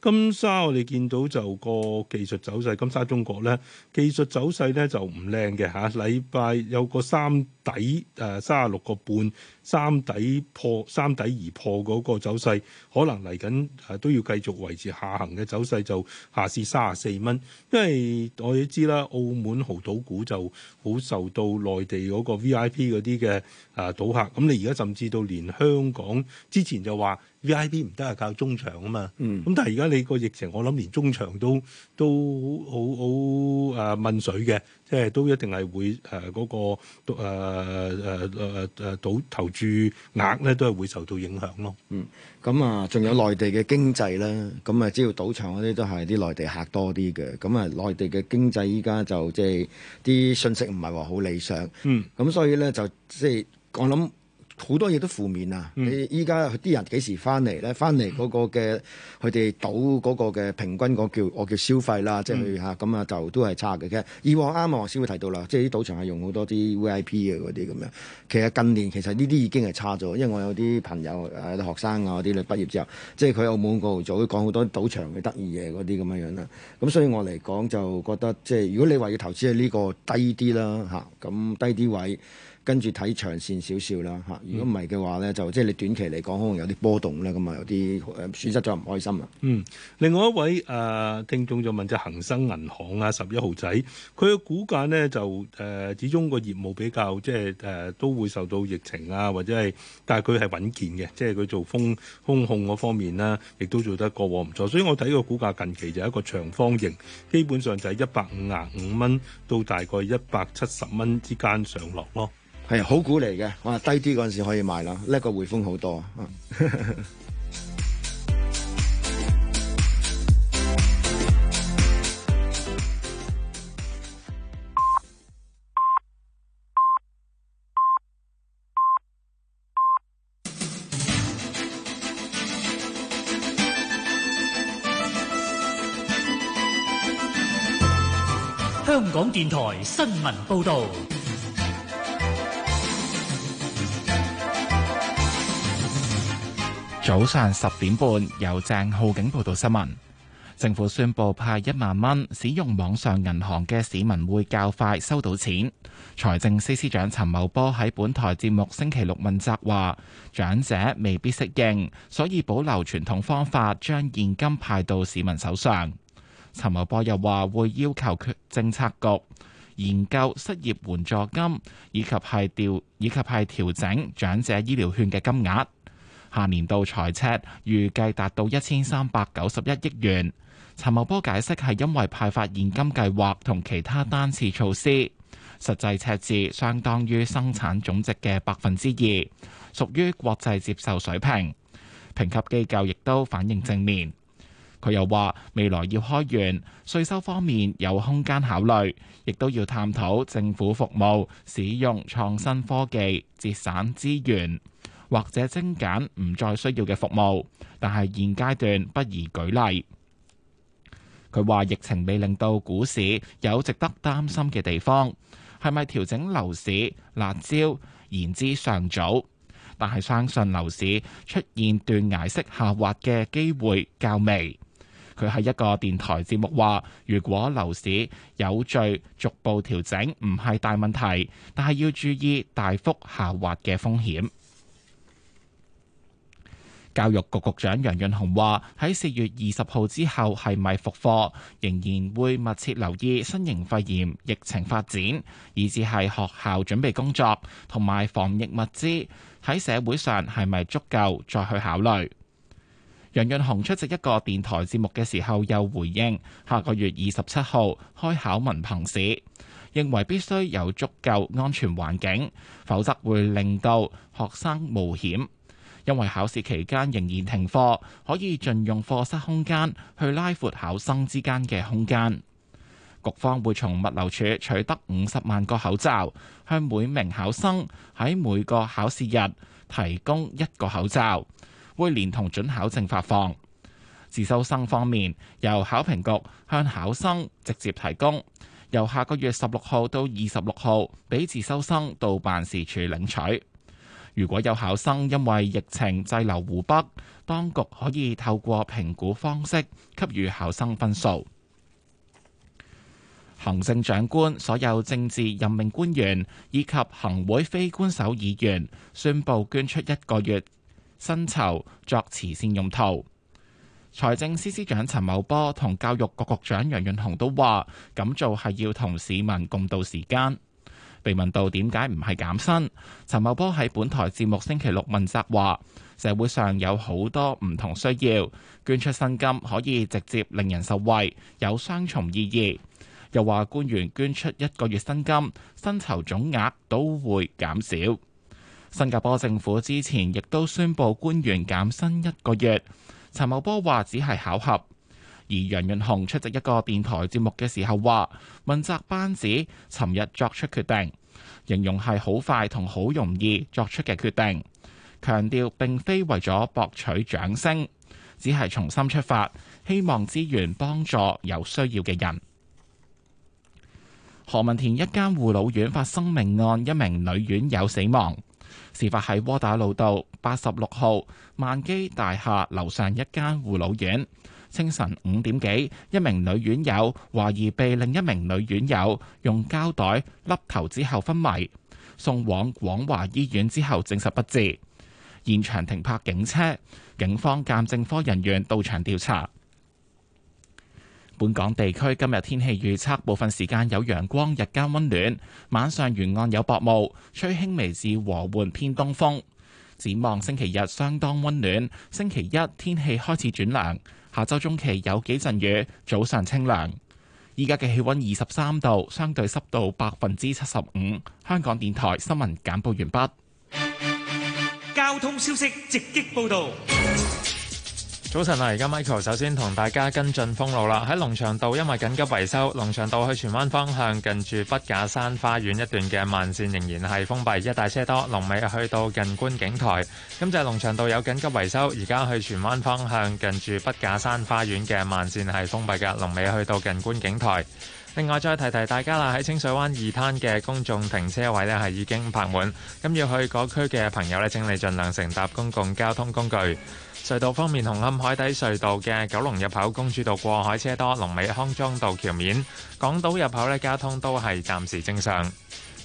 金沙我哋見到就個技術走勢，金沙中國咧技術走勢咧就唔靚嘅嚇。禮、啊、拜有個三底誒三十六個半三底破，三底而破嗰個走勢，可能嚟緊誒都要繼續維持下行嘅走勢，就下試三十四蚊。因為我哋都知啦，澳門豪賭股就好受到內地嗰個 VIP 嗰啲嘅誒、呃、賭客，咁你而家甚至到連香港之前就話 VIP 唔得係靠中場啊嘛，嗯，咁但係而家。你個疫情，我諗連中場都都好好啊！問水嘅，即係都一定係會誒嗰個誒誒誒誒賭投注額咧，都係會受到影響咯。嗯，咁啊，仲有內地嘅經濟啦。咁啊，只要賭場嗰啲都係啲內地客多啲嘅。咁啊，內地嘅經濟依家就即係啲訊息唔係話好理想。嗯。咁所以咧就即係我諗。好多嘢都負面啊！你依家啲人幾時翻嚟咧？翻嚟嗰個嘅佢哋賭嗰個嘅平均嗰叫我叫消費啦，即係吓，咁啊，就都係差嘅。其實以往啱啊，我先會提到啦，即係啲賭場係用好多啲 VIP 嘅嗰啲咁樣。其實近年其實呢啲已經係差咗，因為我有啲朋友誒學生啊嗰啲，你畢業之後，即係佢澳門嗰度做，會講好多賭場嘅得意嘢嗰啲咁樣樣啦。咁所以我嚟講就覺得即係如果你話要投資喺呢個低啲啦吓，咁低啲位。跟住睇長線少少啦嚇，如果唔係嘅話咧，就即係你短期嚟講，可能有啲波動咧，咁啊有啲呃、損失咗唔開心啊。嗯，另外一位啊、呃、聽眾就問、隻、咗恒生銀行啊十一號仔，佢嘅股價咧就誒、呃、始終個業務比較即係誒、呃、都會受到疫情啊或者係，但係佢係穩健嘅，即係佢做風風控嗰方面啦，亦都做得過往唔錯，所以我睇個股價近期就係一個長方形，基本上就係一百五呀五蚊到大概一百七十蚊之間上落咯。係好股嚟嘅！哇、啊、低啲嗰陣時可以買啦，叻過匯豐好多。啊、 香港電台新聞報道。早上十點半，由鄭浩景報道新聞。政府宣布派一萬蚊，使用網上銀行嘅市民會較快收到錢。財政司司長陳茂波喺本台節目星期六問責話：長者未必適應，所以保留傳統方法，將現金派到市民手上。陳茂波又話會要求決政策局研究失業援助金，以及係調以及係調整長者醫療券嘅金額。下年度財赤預計達到一千三百九十一億元。陳茂波解釋係因為派發現金計劃同其他單次措施，實際赤字相當於生產總值嘅百分之二，屬於國際接受水平。評級機構亦都反映正面。佢又話未來要開源，稅收方面有空間考慮，亦都要探討政府服務使用創新科技節省資源。或者精簡唔再需要嘅服務，但係現階段不宜舉例。佢話疫情未令到股市有值得擔心嘅地方，係咪調整樓市辣招言之尚早，但係相信樓市出現斷崖式下滑嘅機會較微。佢喺一個電台節目話，如果樓市有序逐步調整，唔係大問題，但係要注意大幅下滑嘅風險。教育局局長楊潤雄話：喺四月二十號之後係咪復課，仍然會密切留意新型肺炎疫情發展，以至係學校準備工作同埋防疫物資喺社會上係咪足夠，再去考慮。楊潤雄出席一個電台節目嘅時候又回應：下個月二十七號開考文憑試，認為必須有足夠安全環境，否則會令到學生冒險。因為考試期間仍然停課，可以盡用課室空間去拉闊考生之間嘅空間。局方會從物流處取得五十萬個口罩，向每名考生喺每個考試日提供一個口罩，會連同準考證發放。自修生方面，由考評局向考生直接提供，由下個月十六號到二十六號，俾自修生到辦事處領取。如果有考生因為疫情滯留湖北，當局可以透過評估方式給予考生分數。行政長官、所有政治任命官員以及行會非官守議員宣布捐出一個月薪酬作慈善用途。財政司司長陳茂波同教育局局長楊潤雄都話咁做係要同市民共度時間。被問到點解唔係減薪，陳茂波喺本台節目星期六問責話：社會上有好多唔同需要，捐出薪金可以直接令人受惠，有雙重意義。又話官員捐出一個月薪金，薪酬總額都會減少。新加坡政府之前亦都宣布官員減薪一個月。陳茂波話：只係巧合。而楊潤雄出席一個電台節目嘅時候，話問責班子尋日作出決定，形容係好快同好容易作出嘅決定，強調並非為咗博取掌聲，只係重新出發，希望資源幫助有需要嘅人。何文田一間護老院發生命案，一名女院友死亡，事發喺窩打老道八十六號萬基大廈樓上一間護老院。清晨五點幾，一名女院友懷疑被另一名女院友用膠袋笠頭之後昏迷，送往廣華醫院之後證實不治。現場停泊警車，警方鑒證科人員到場調查。本港地區今日天氣預測部分時間有陽光，日間温暖，晚上沿岸有薄霧，吹輕微至和緩偏東風。展望星期日相當温暖，星期一天氣開始轉涼。下周中期有幾陣雨，早上清涼。依家嘅氣溫二十三度，相對濕度百分之七十五。香港電台新聞簡報完畢。交通消息直擊報道。早晨啊！而家 Michael 首先同大家跟進封路啦。喺龍翔道因為緊急維修，龍翔道去荃灣方向近住畢架山花園一段嘅慢線仍然係封閉，一帶車多。龍尾去到近觀景台。咁就係龍翔道有緊急維修，而家去荃灣方向近住畢架山花園嘅慢線係封閉嘅，龍尾去到近觀景台。另外再提提大家啦，喺清水灣二灘嘅公眾停車位咧係已經泊滿，咁要去嗰區嘅朋友咧，請你盡量乘搭公共交通工具。隧道方面，紅磡海底隧道嘅九龍入口公主道過海車多，龍尾康莊道橋面，港島入口呢交通都係暫時正常。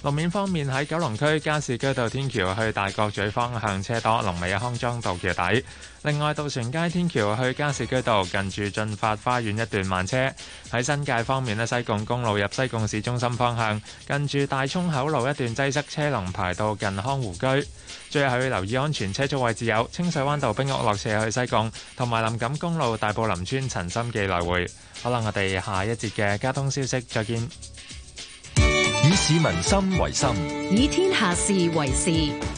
路面方面喺九龍區加士居道天橋去大角咀方向車多，龍尾康莊道橋底。另外，渡船街天橋去加士居道近住駿發花園一段慢車。喺新界方面咧，西貢公路入西貢市中心方向，近住大涌口路一段擠塞，車龍排到近康湖居。最後要留意安全車速位置有清水灣道冰屋落斜去西貢，同埋林錦公路大埔林村陳心記來回。好啦，我哋下一節嘅交通消息再見。以市民心為心，以天下事為事。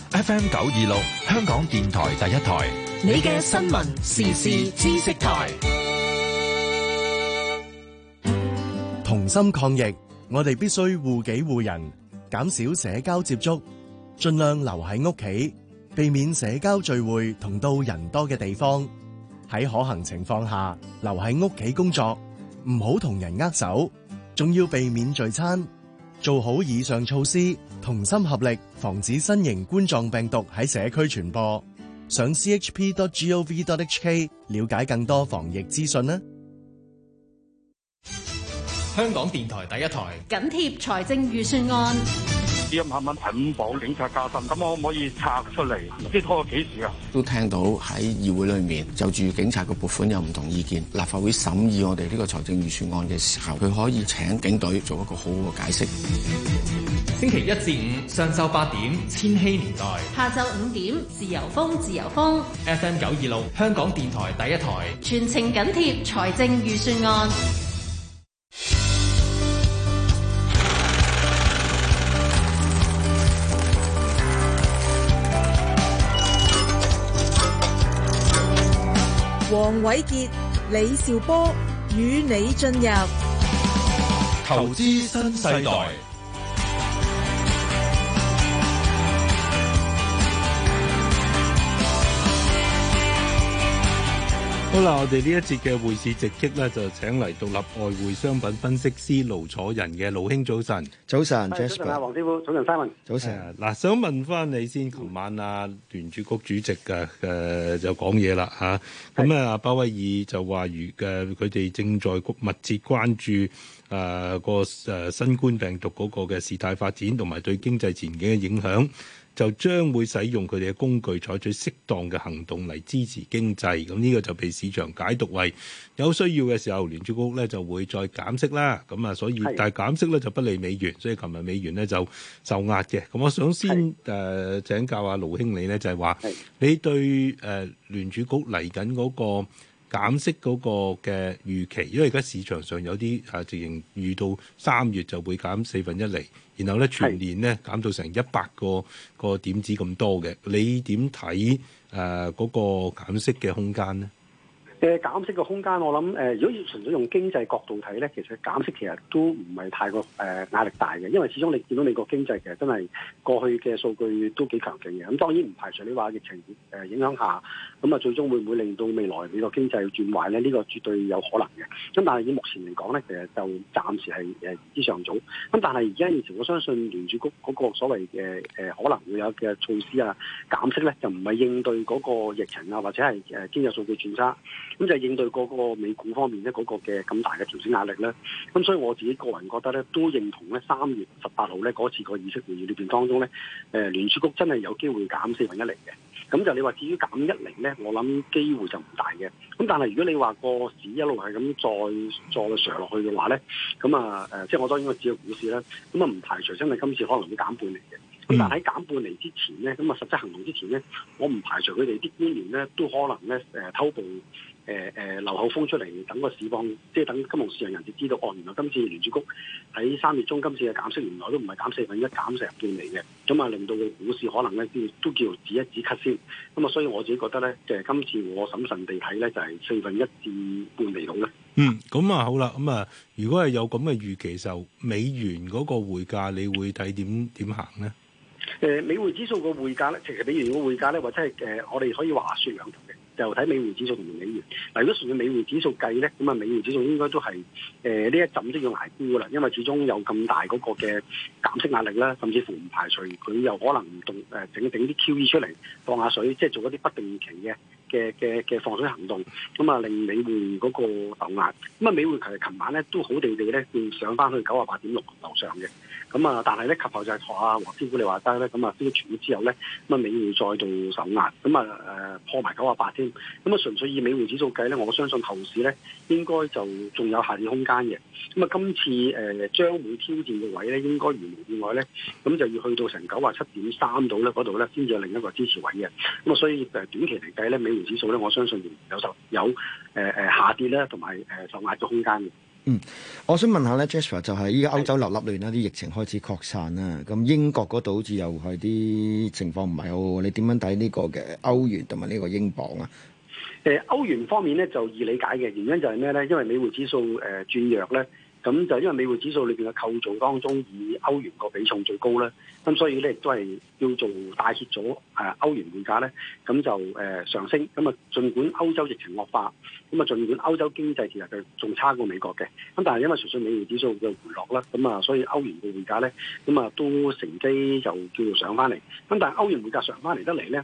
FM 九二六，香港電台第一台，你嘅新聞時事知識台。同心抗疫，我哋必須護己護人，減少社交接觸，盡量留喺屋企，避免社交聚會同到人多嘅地方。喺可行情況下，留喺屋企工作，唔好同人握手，仲要避免聚餐。做好以上措施，同心合力，防止新型冠狀病毒喺社區傳播。上 chp.gov.hk 了解更多防疫資訊啦！香港電台第一台緊貼財政預算案。啲一萬蚊捆綁警察加薪，咁我可唔可以拆出嚟？唔知拖幾時啊！都聽到喺議會裏面就住警察嘅撥款有唔同意見。立法會審議我哋呢個財政預算案嘅時候，佢可以請警隊做一個好好嘅解釋。星期一至五上晝八點《千禧年代》，下晝五點《自由風》，自由風 FM 九二六，香港電台第一台，全程緊貼財政預算案。黃瑋傑、李兆波與你進入投資新世代。好啦，我哋呢一節嘅匯市直擊咧，就請嚟獨立外匯商品分析師盧楚仁嘅盧兄，早晨。早晨，早晨啊，黃師傅，早晨三文。早晨。嗱，想問翻你先，琴晚啊，聯儲局主席嘅、啊、誒、呃、就講嘢啦吓，咁啊鮑是、啊、威爾就話如嘅，佢、啊、哋正在密切關注啊個誒、啊、新冠病毒嗰個嘅事態發展，同埋對經濟前景嘅影響。就將會使用佢哋嘅工具，採取適當嘅行動嚟支持經濟。咁呢個就被市場解讀為有需要嘅時候，聯儲局咧就會再減息啦。咁啊，所以是但係減息咧就不利美元，所以尋日美元咧就受壓嘅。咁我想先誒是、呃、請教下盧兄咧，就係、是、話是你對誒聯儲局嚟緊嗰個。減息嗰個嘅預期，因為而家市場上有啲啊，直情預到三月就會減四分一厘，然後咧全年咧減到成一百個個點子咁多嘅，你點睇誒嗰個減息嘅空間咧？誒減息嘅空間，我諗誒、呃，如果要純粹用經濟角度睇咧，其實減息其實都唔係太過誒壓、呃、力大嘅，因為始終你見到美國經濟其實真係過去嘅數據都幾強勁嘅，咁當然唔排除你話疫情誒影響下。咁啊，最終會唔會令到未來美國經濟轉壞咧？呢、這個絕對有可能嘅。咁但係以目前嚟講咧，其實就暫時係誒、呃、言之尚早。咁但係而家現時，現我相信聯儲局嗰個所謂嘅誒可能會有嘅措施啊減息咧，就唔係應對嗰個疫情啊，或者係誒經濟數據轉差，咁就係應對嗰個美股方面咧嗰個嘅咁大嘅調整壓力咧。咁、嗯、所以我自己個人覺得咧，都認同咧三月十八號咧嗰次個議息會議裏邊當中咧，誒聯儲局真係有機會減四分一釐嘅。咁就你話至於減一厘咧，我諗機會就唔大嘅。咁但係如果你話個市一路係咁再再上落去嘅話咧，咁啊誒、呃，即係我當然我指個股市啦。咁啊唔排除真係今次可能會減半厘嘅。咁、嗯、但係喺減半厘之前咧，咁啊實質行動之前咧，我唔排除佢哋啲官員咧都可能咧誒、呃、偷步。誒誒，流口、呃、風出嚟，等個市況，即係等金融市場人士知道，哦，原來今次聯儲局喺三月中今次嘅減息，原來都唔係減四分一，減成半釐嘅，咁啊，令到個股市可能咧，都都叫止一止咳先。咁啊，所以我自己覺得咧，即係，今次我審慎地睇咧，就係、是、四分一至半釐度咧。嗯，咁、嗯、啊，好啦，咁、嗯、啊，如果係有咁嘅預期，就美元嗰個匯價，你會睇點點行呢？誒、呃，美匯指數個匯價咧，其實美元嘅匯價咧，或者係誒、呃，我哋可以話説兩。就睇美匯指數同美元。嗱、啊，如果純以美匯指數計咧，咁啊，美匯指數應該都係誒呢一陣都要挨沽啦，因為始終有咁大嗰個嘅減息壓力啦，甚至乎唔排除佢又可能唔動誒整一整啲 QE 出嚟，放下水，即係做一啲不定期嘅嘅嘅嘅放水行動，咁、嗯、啊，令美匯嗰個受壓。咁啊，美匯其實琴晚咧都好地地咧，要上翻去九啊八點六樓上嘅。咁啊、嗯，但係咧，及後就係學阿黃師傅你呢。你話齋咧，咁啊，先傳咗之後咧，咁啊，美匯再度受壓，咁、嗯、啊，誒、呃、破埋九啊八添，咁啊，純粹以美匯指數計咧，我相信後市咧應該就仲有下跌空間嘅。咁、嗯、啊，今次誒、呃、將會挑戰嘅位咧，應該如無意外咧，咁、嗯、就要去到成九啊七點三度咧，嗰度咧先至有另一個支持位嘅。咁、嗯、啊，所以誒、呃、短期嚟計咧，美匯指數咧，我相信仍然有十有誒誒、呃、下跌咧，同埋誒受壓嘅空間嘅。嗯，我想問下咧，Jasper 就係依家歐洲立立亂啦，啲是的 疫情開始擴散啦，咁英國嗰度好似又係啲情況唔係好，你點樣睇呢個嘅歐元同埋呢個英鎊啊？誒，歐元方面咧就易理解嘅，原因就係咩咧？因為美匯指數誒、呃、轉弱咧，咁就因為美匯指數裏邊嘅構造當中以歐元個比重最高咧。咁、嗯、所以咧，亦都係叫做帶跌咗誒歐元匯價咧，咁就誒、呃、上升。咁啊，儘管歐洲疫情惡化，咁啊，儘管歐洲經濟其實就仲差過美國嘅，咁但係因為純粹美元指數嘅回落啦，咁啊，所以歐元嘅匯價咧，咁啊都乘機就叫做上翻嚟。咁但係歐元匯價上翻嚟得嚟咧，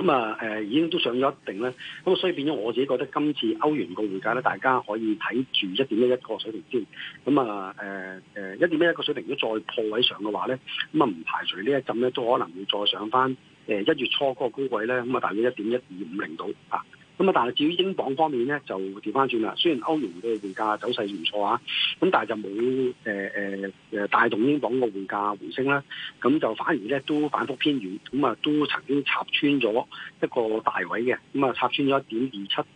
咁啊，誒、嗯呃、已經都上咗一定咧，咁、嗯、啊，所以變咗我自己覺得今次歐元個匯價咧，大家可以睇住一點一一個水平先。咁啊，誒誒一點一一個水平，嗯呃、一點一一個水平如果再破位上嘅話咧，咁啊唔排除呢一陣咧都可能會再上翻誒一月初嗰個高位咧，咁、嗯、啊大概一點一二五零度。啊、嗯。咁啊！但係至於英鎊方面咧，就調翻轉啦。雖然歐元嘅匯價走勢唔錯啊，咁但係就冇誒誒誒帶動英鎊嘅匯價回升啦。咁就反而咧都反覆偏軟，咁啊都曾經插穿咗一個大位嘅，咁啊插穿咗一點二七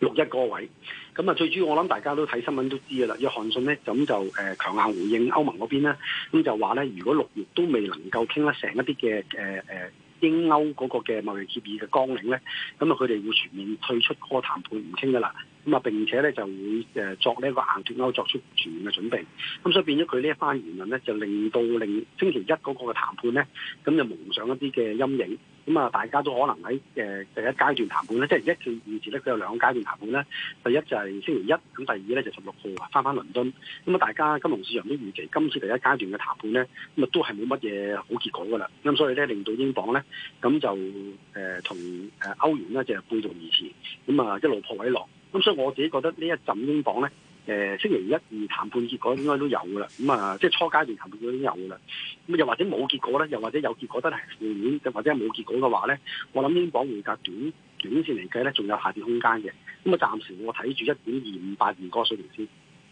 六一個位。咁啊，最主要我諗大家都睇新聞都知嘅啦。約翰遜咧咁就誒強硬回應歐盟嗰邊咧，咁、啊、就話咧如果六月都未能夠傾得成一啲嘅誒誒。呃呃英歐嗰個嘅貿易協議嘅綱領咧，咁啊佢哋會全面退出嗰個談判唔清㗎喇，咁啊並且咧就會誒作呢一個硬脫歐作出全面嘅準備，咁所以變咗佢呢一番言論咧，就令到令星期一嗰個嘅談判咧，咁就蒙上一啲嘅陰影。咁啊，大家都可能喺誒、呃、第一階段談判咧，即係一見二次咧，佢有兩個階段談判咧。第一就係星期一，咁第二咧就十、是、六號啊，翻翻倫敦。咁、嗯、啊，大家金融市場都預期今次第一階段嘅談判咧，咁、嗯、啊都係冇乜嘢好結果㗎啦。咁所以咧，令到英鎊咧，咁就誒同誒歐元咧就背道而馳。咁、嗯、啊一路破位落。咁所以我自己覺得一陣呢一陣英鎊咧。誒、呃，星期一、二談判結果應該都有㗎啦，咁、嗯、啊，即係初階段談判嗰啲有㗎啦。咁又或者冇結果咧，又或者有結果得嚟負面，又或者冇結果嘅話咧，我諗英鎊匯價短短線嚟計咧，仲有下跌空間嘅。咁啊，暫時我睇住一點二五八元個水平先。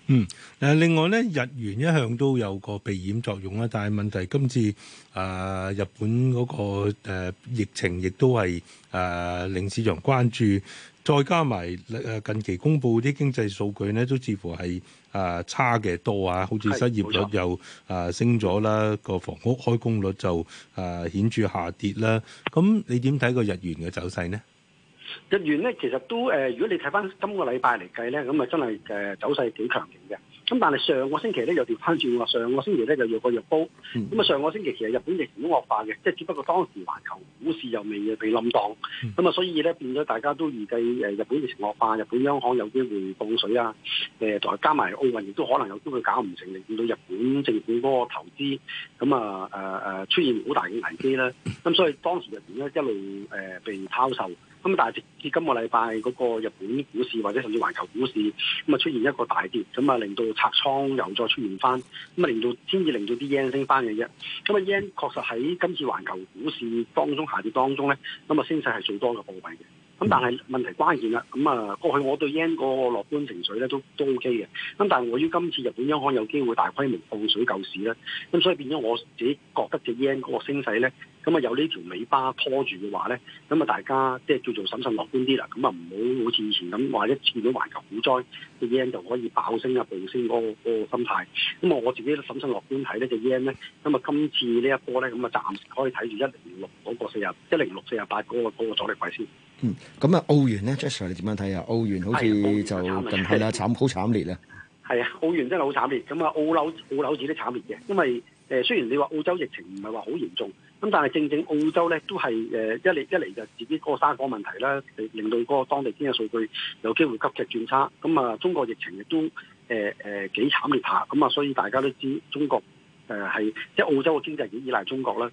嗯。誒、嗯，另外咧，日元一向都有個避險作用啦，但係問題今次啊、呃，日本嗰、那個、呃、疫情亦都係誒、呃、令市場關注。再加埋誒近期公布啲經濟數據咧，都似乎係誒差嘅多啊！好似失業率又誒升咗啦，個房屋開工率就誒顯著下跌啦。咁你點睇個日元嘅走勢咧？日元咧其實都誒，如果你睇返今個禮拜嚟計咧，咁啊真係誒走勢幾強勁嘅。咁但係上個星期咧有掉返轉話，上個星期咧就弱過藥煲。咁啊上個星期其實日本疫情都惡化嘅，即係只不過當時環球股市又未被冧檔，咁啊所以咧變咗大家都預計誒日本疫情惡化，日本央行有機會放水啦。誒同埋加埋奧運亦都可能有機會搞唔成，令到日本政府嗰個投資咁啊誒誒出現好大嘅危機啦。咁所以當時日本咧一路誒被拋售。咁但係直至今個禮拜嗰個日本股市或者甚至環球股市，咁啊出現一個大跌，咁啊令到拆倉又再出現返，咁啊令到先至令到啲 yen 升返嘅啫。咁啊 yen 確實喺今次環球股市當中下跌當中咧，咁啊升勢係最多嘅部位嘅。咁但係問題關鍵啦，咁啊過去我對 yen 嗰個樂觀情緒咧都都 OK 嘅。咁但係由於今次日本央行有機會大規模放水救市咧，咁所以變咗我自己覺得隻 yen 嗰個升勢咧。咁啊，有呢條尾巴拖住嘅話咧，咁啊，大家即係叫做審慎樂觀啲啦。咁啊，唔好好似以前咁話一見到環球股災嘅 yen 就可以爆升一暴升嗰、嗰個心態。咁啊，我自己都審慎樂觀睇、嗰個、呢就 yen 咧。咁啊，今次呢一波咧，咁啊，暫時可以睇住一零六嗰個四廿一零六四廿八嗰個阻力位先。嗯，咁啊，澳元咧，Jasper 你點樣睇啊？澳元好似就近期啦，慘好慘烈啦。係啊，澳元真係好慘烈。咁啊，澳樓澳樓市都慘烈嘅，因為誒雖然你話澳洲疫情唔係話好嚴重。咁但係正正澳洲咧都係誒、呃、一嚟一嚟就自己嗰個山火問題啦，令到嗰個當地經濟數據有機會急劇轉差。咁、嗯、啊，中國疫情亦都誒誒、呃呃、幾慘烈下。咁、嗯、啊，所以大家都知中國誒係、呃、即係澳洲嘅經濟幾依賴中國啦。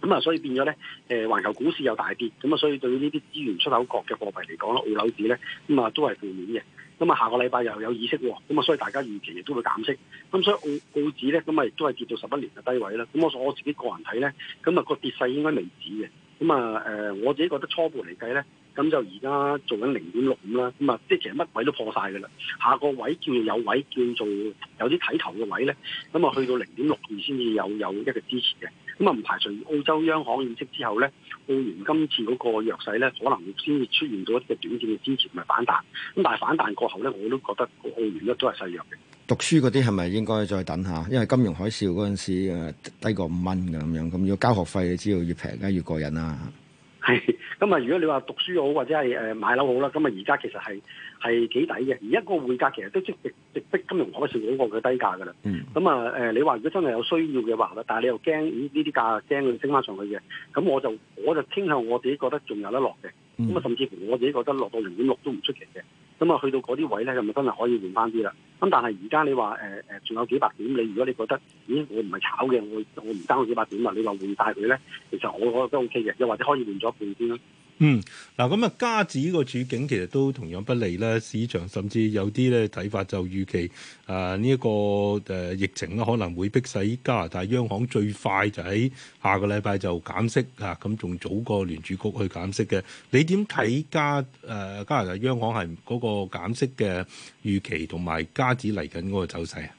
咁、嗯、啊，所以變咗咧誒，環、呃、球股市又大跌。咁、嗯、啊，所以對呢啲資源出口國嘅貨幣嚟講，澳紐指咧咁啊，都係負面嘅。咁啊，下個禮拜又有議息喎，咁啊，所以大家預期亦都會減息，咁所以澳澳紙咧，咁咪都係跌到十一年嘅低位啦。咁我我自己個人睇咧，咁啊個跌勢應該未止嘅。咁啊誒，我自己覺得初步嚟計咧，咁就而家做緊零點六五啦。咁啊，即係其實乜位都破晒㗎啦。下個位叫做有位叫做有啲睇頭嘅位咧，咁啊去到零點六二先至有有一個支持嘅。咁啊，唔排除澳洲央行認識之後咧，澳元今次嗰個弱勢咧，可能會先至出現到一隻短暫嘅支持同埋反彈。咁但係反彈過後咧，我都覺得個澳元咧都係細弱嘅。讀書嗰啲係咪應該再等下？因為金融海嘯嗰陣時低過五蚊嘅咁樣，咁要交學費，你知道越平咧越過癮啦。係，咁啊，如果你話讀書好或者係誒買樓好啦，咁啊而家其實係。係幾抵嘅，而一個匯價其實都即直直逼金融海嘯嗰個嘅低價㗎啦。咁啊誒，你話如果真係有需要嘅話，但係你又驚呢啲價驚佢升翻上去嘅，咁我就我就傾向我，我自己覺得仲有得落嘅。咁啊，甚至乎我自己覺得落到零點六都唔出奇嘅。咁啊，去到嗰啲位咧，係咪真係可以換翻啲啦？咁但係而家你話誒誒，仲、呃、有幾百點？你如果你覺得咦，我唔係炒嘅，我我唔爭嗰幾百點啊！你話換曬佢咧，其實我我覺得 OK 嘅，又或者可以換咗半先啦。嗯，嗱咁啊，加指個處境其實都同樣不利啦。市場甚至有啲咧睇法就預期啊呢一個誒、呃、疫情咧可能會迫使加拿大央行最快就喺下個禮拜就減息啊，咁仲早過聯儲局去減息嘅。你點睇加誒、呃、加拿大央行係嗰個減息嘅預期同埋加指嚟緊嗰個走勢啊？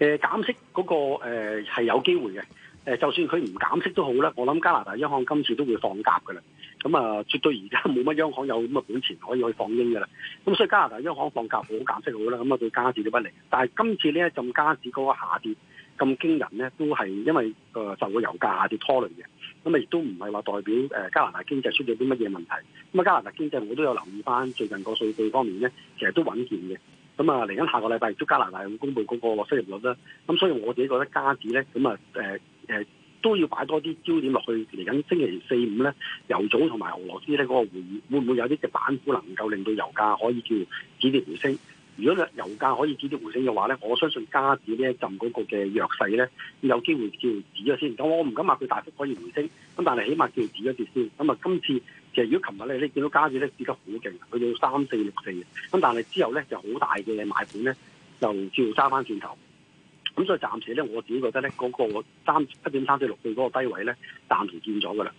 誒、呃、減息嗰、那個誒係、呃、有機會嘅。誒、呃、就算佢唔減息都好啦，我諗加拿大央行今次都會放鴿噶啦。咁啊、嗯，絕對而家冇乜央行有咁嘅本錢可以去放鷹嘅啦。咁所以加拿大央行放鴿減好減息好啦，咁啊對加字都不利。但係今次呢一陣加字嗰個下跌咁驚人咧，都係因為個受個油價下跌拖累嘅。咁、嗯、啊，亦都唔係話代表誒、呃、加拿大經濟出咗啲乜嘢問題。咁啊，加拿大經濟我都有留意翻最近個數據方面咧，其實都穩健嘅。咁啊，嚟緊下，下個禮拜亦都加拿大會公佈嗰個失業率啦。咁、嗯、所以我自己覺得加字咧，咁啊誒誒。呃呃呃都要擺多啲焦點落去嚟緊，星期四五咧，油組同埋俄羅斯咧嗰個會議，會唔會有啲嘅板斧能夠令到油價可以叫止跌回升？如果油價可以止跌回升嘅話咧，我相信加指呢一陣嗰個嘅弱勢咧，有機會叫止咗先。咁我唔敢話佢大幅可以回升，咁但係起碼叫止咗先。咁啊，今次其實如果琴日咧，你見到加指咧止得好勁，佢要三四六四，咁但係之後咧就好大嘅買盤咧，就叫揸翻轉頭。咁所以暫時咧，我自己覺得咧，嗰個三一點三四六對嗰個低位咧，暫時見咗噶啦。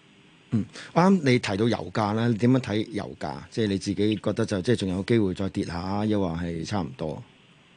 嗯，啱啱你提到油價咧，你點樣睇油價？即係你自己覺得就即係仲有機會再跌下，又話係差唔多？誒，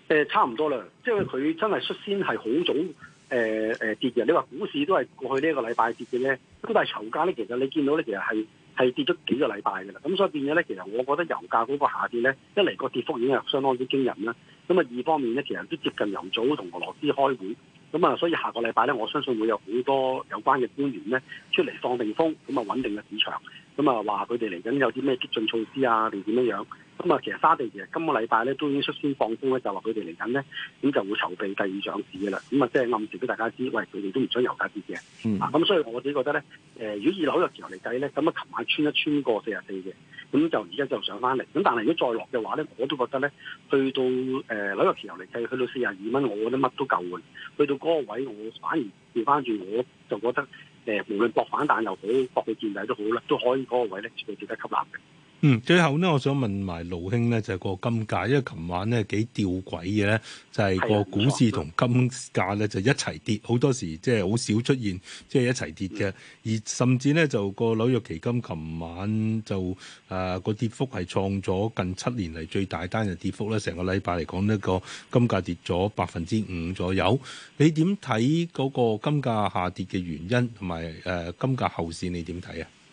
嗯，差唔多啦。即係佢真係率先係好早誒誒跌嘅。你話股市都係過去呢一個禮拜跌嘅咧，咁但係油價咧，其實你見到咧，其實係。係跌咗幾個禮拜嘅啦，咁所以變咗咧，其實我覺得油價嗰個下跌咧，一嚟個跌幅已經係相當之驚人啦。咁啊二方面咧，其實都接近油組同俄羅斯開會，咁啊，所以下個禮拜咧，我相信會有好多有關嘅官員咧出嚟放定風，咁啊穩定嘅市場，咁啊話佢哋嚟緊有啲咩激進措施啊，定點樣樣。咁啊，其實沙地其實今個禮拜咧都已經率先放風咧，就話佢哋嚟緊咧，咁就會籌備第二上市嘅啦。咁啊，即係暗示俾大家知，喂，佢哋都唔想油價跌嘅。嗯、啊，咁所以我自己覺得咧，誒、呃，如果以紐約期油嚟計咧，咁啊，琴晚穿一穿過四十四嘅，咁就而家就上翻嚟。咁但係如果再落嘅話咧，我都覺得咧，去到誒、呃、紐約期油嚟計去到四十二蚊，我覺得乜都夠嘅。去到嗰個位，我反而調翻轉，我就覺得誒、呃，無論博反彈又好，博佢見底都好啦，都可以嗰個位咧絕對值得吸納嘅。嗯，最後咧，我想問埋盧兄咧，就是、個金價，因為琴晚咧幾吊詭嘅咧，就係、是、個股市同金價咧就一齊跌，好多時即係好少出現即係、就是、一齊跌嘅，嗯、而甚至咧就個紐約期金琴晚就誒、呃那個跌幅係創咗近七年嚟最大單日跌幅咧，成個禮拜嚟講呢、那個金價跌咗百分之五左右，你點睇嗰個金價下跌嘅原因同埋誒金價後市你點睇啊？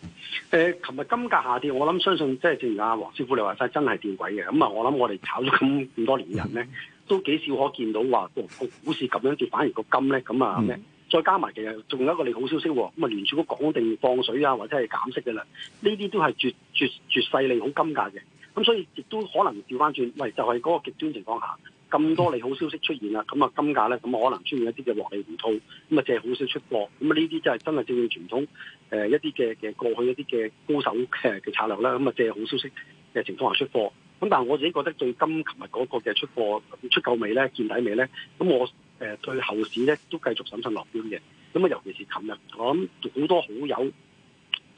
誒，琴、呃、日金價下跌，我諗相信即係正如阿黃師傅你話齋，真係跌鬼嘅。咁啊，我諗我哋炒咗咁咁多年人咧，都幾少可見到話、哦，股市咁樣跌，反而個金咧咁啊咩？嗯、再加埋其實仲有一個利好消息，咁啊聯儲局講定放水啊，或者係減息噶啦，呢啲都係絕絕絕世利好金價嘅。咁所以亦都可能調返轉，喂，就係、是、嗰個極端情況下。咁多利好消息出現啦，咁啊金價咧，咁啊可能出現一啲嘅獲利回吐，咁啊借好少出貨，咁啊呢啲真係真係正正傳統誒一啲嘅嘅過去一啲嘅高手嘅策略啦，咁啊借好消息嘅情況下出貨，咁但係我自己覺得對今琴日嗰個嘅出貨出夠未咧？見底未咧？咁我誒對後市咧都繼續審慎樂觀嘅，咁啊尤其是琴日，我諗好多好友。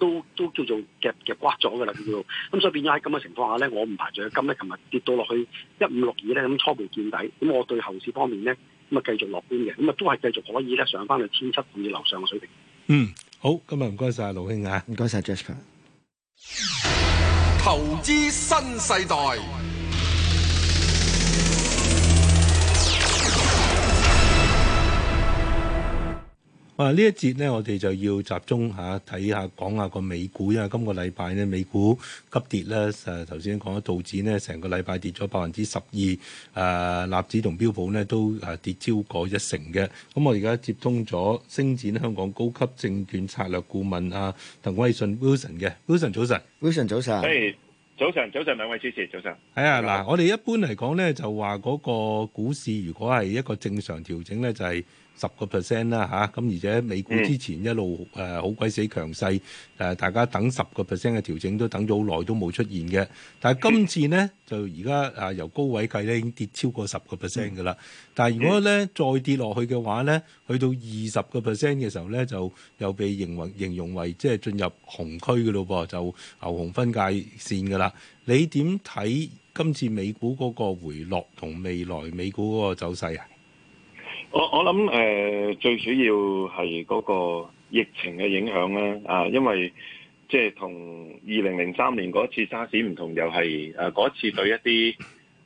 都都叫做夾夾刮咗噶啦，叫做咁、嗯、所以變咗喺咁嘅情況下咧，我唔排除嘅金咧，琴日跌到落去一五六二咧，咁初步見底，咁我對後市方面咧，咁、嗯、啊繼續樂觀嘅，咁啊都係繼續可以咧上翻去千七甚至樓上嘅水平。嗯，好，今日唔該晒盧兄嚇、啊，唔該晒 Jasper。投資新世代。哇！一節呢一節咧，我哋就要集中嚇睇下，下，講下個美股，因為今個禮拜咧美股急跌咧，誒頭先講到道指咧，成個禮拜跌咗百分之十二，誒納指同標普咧都誒跌超過一成嘅。咁、啊、我而家接通咗星展香港高級證券策略顧問啊，鄧威信 Wilson 嘅 Wilson 早晨，Wilson 早晨，誒早晨早晨兩位主持早晨。係啊，嗱晨我哋一般嚟講咧，就話嗰個股市如果係一個正常調整咧，就係、是。十個 percent 啦嚇，咁、啊、而且美股之前一路誒好鬼死強勢，誒、呃、大家等十個 percent 嘅調整都等咗好耐都冇出現嘅。但係今次呢，就而家啊由高位計咧已經跌超過十個 percent 㗎喇。但係如果咧再跌落去嘅話咧，去到二十個 percent 嘅時候咧，就又被形容形容為即係進入紅區嘅咯噃，就牛熊分界線㗎喇。你點睇今次美股嗰個回落同未來美股嗰個走勢啊？我我諗誒、呃，最主要係嗰個疫情嘅影響啦，啊，因為即係同二零零三年嗰次沙士唔同，又係誒嗰次對一啲誒、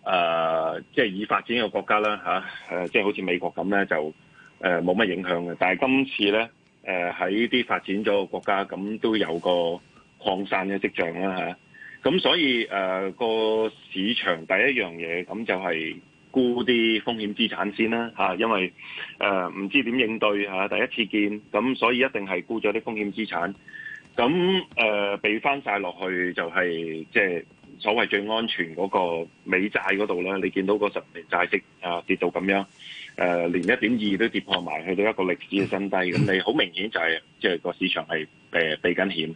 呃、即係已發展嘅國家啦吓，誒、啊、即係好似美國咁咧就誒冇乜影響嘅，但係今次咧誒喺啲發展咗嘅國家咁都有個擴散嘅跡象啦、啊、吓，咁、啊、所以誒、呃嗰個市場第一樣嘢咁就係、是。沽啲風險資產先啦嚇，因為誒唔、呃、知點應對嚇、啊，第一次見，咁所以一定係沽咗啲風險資產。咁誒、呃，避翻曬落去就係即係所謂最安全嗰個美債嗰度啦。你見到個十年債息啊跌到咁樣，誒、呃、連一點二都跌破埋，去到一個歷史嘅新低。咁你好明顯就係即係個市場係誒避緊險。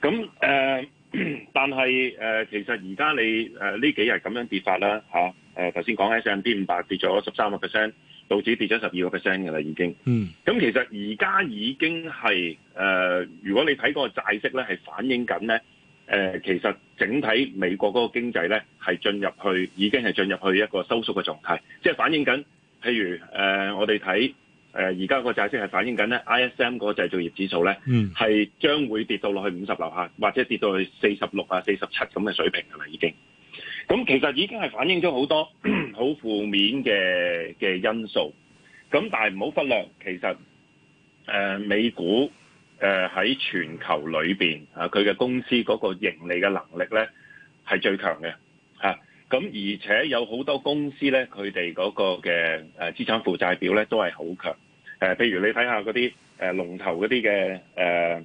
咁誒、呃， 但係誒、呃、其實而家你誒呢、呃、幾日咁樣跌法啦嚇。啊啊誒頭先講喺 S&P 五百跌咗十三個 percent，道指跌咗十二個 percent 嘅啦，已經。嗯，咁、嗯、其實而家已經係誒、呃，如果你睇嗰個債息咧，係反映緊咧，誒、呃、其實整體美國嗰個經濟咧係進入去已經係進入去一個收縮嘅狀態，即係反映緊，譬如誒、呃、我哋睇誒而家個債息係反映緊咧 I S M 嗰個製造業指數咧，係、嗯、將會跌到落去五十樓下，或者跌到去四十六啊四十七咁嘅水平嘅啦，已經。咁其實已經係反映咗好多好 負面嘅嘅因素。咁但係唔好忽略，其實誒、呃、美股誒喺、呃、全球裏邊啊，佢嘅公司嗰個盈利嘅能力咧係最強嘅嚇。咁、啊、而且有好多公司咧，佢哋嗰個嘅誒資產負債表咧都係好強。誒、啊，譬如你睇下嗰啲誒龍頭嗰啲嘅誒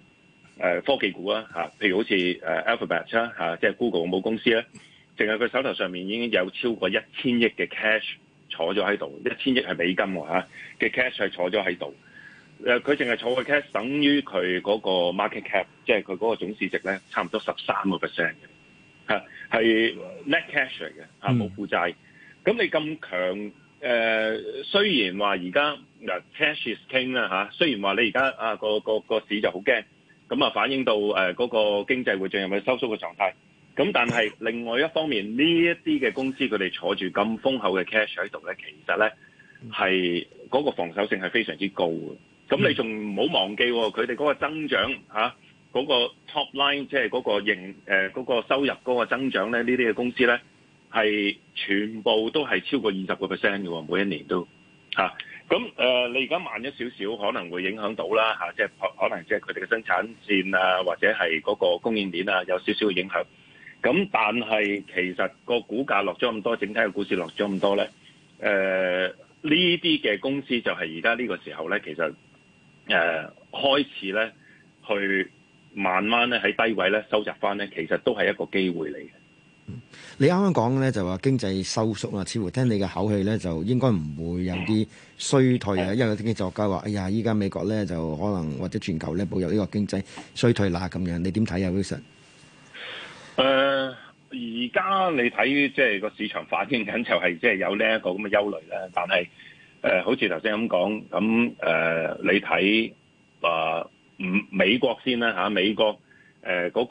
誒科技股啊嚇，譬如好似誒 Alphabet 啊嚇，即係 Google 母公司咧。淨係佢手頭上面已經有超過一千億嘅 cash 坐咗喺度，一千億係美金喎嚇，嘅 cash 係坐咗喺度。誒、呃，佢淨係坐嘅 cash 等於佢嗰個 market cap，即係佢嗰個總市值咧，差唔多十三個 percent 嘅，嚇係、啊、net cash 嚟嘅嚇，冇、啊、負債。咁、嗯、你咁強誒、呃，雖然話而家嗱 cash is king 啦、啊、嚇，雖然話你而家啊個個個市就好驚，咁啊反映到誒嗰、啊那個經濟會進入咪收縮嘅狀態？咁、嗯，但係另外一方面，呢一啲嘅公司佢哋坐住咁豐厚嘅 cash 喺度咧，其實咧係嗰個防守性係非常之高嘅。咁你仲唔好忘記、哦，佢哋嗰個增長嚇嗰、啊嗰個 top line，即係嗰個盈誒、呃嗰個、收入嗰個增長咧，呢啲嘅公司咧係全部都係超過二十個 percent 嘅，每一年都嚇。咁、啊、誒、呃，你而家慢咗少少，可能會影響到啦嚇、啊，即係可能即係佢哋嘅生產線啊，或者係嗰個供應鏈啊，有少少嘅影響。咁但係其實個股價落咗咁多，整體嘅股市落咗咁多咧，誒呢啲嘅公司就係而家呢個時候咧，其實誒、呃、開始咧去慢慢咧喺低位咧收集翻，咧其實都係一個機會嚟嘅。你啱啱講咧就話經濟收縮啊，似乎聽你嘅口氣咧就應該唔會有啲衰退啊，嗯、因為有啲經濟學家話，哎呀依家美國咧就可能或者全球咧步入呢個經濟衰退啦咁樣，你點睇啊？Wilson？誒，而家、呃、你睇，即係個市場反映緊就係，即係有呢一個咁嘅憂慮啦。但係，誒、呃，好似頭先咁講，咁、嗯、誒、呃，你睇誒，美、呃、美國先啦吓、啊，美國誒嗰、呃那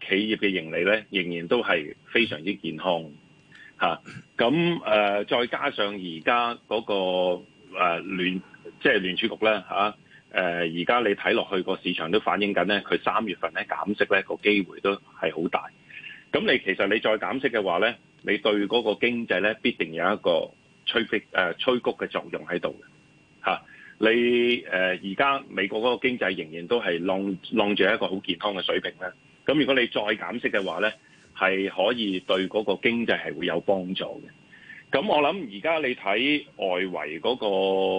個企業嘅盈利咧，仍然都係非常之健康吓。咁、啊、誒、啊，再加上而家嗰個誒聯，即係聯儲局咧吓，誒、啊，而、呃、家你睇落去個市場都反映緊咧，佢三月份咧減息咧個機會都係好大。咁你其實你再減息嘅話咧，你對嗰個經濟咧，必定有一個催逼、誒催谷嘅作用喺度嘅嚇。你誒而家美國嗰個經濟仍然都係浪浪住一個好健康嘅水平咧。咁如果你再減息嘅話咧，係可以對嗰個經濟係會有幫助嘅。咁我諗而家你睇外圍嗰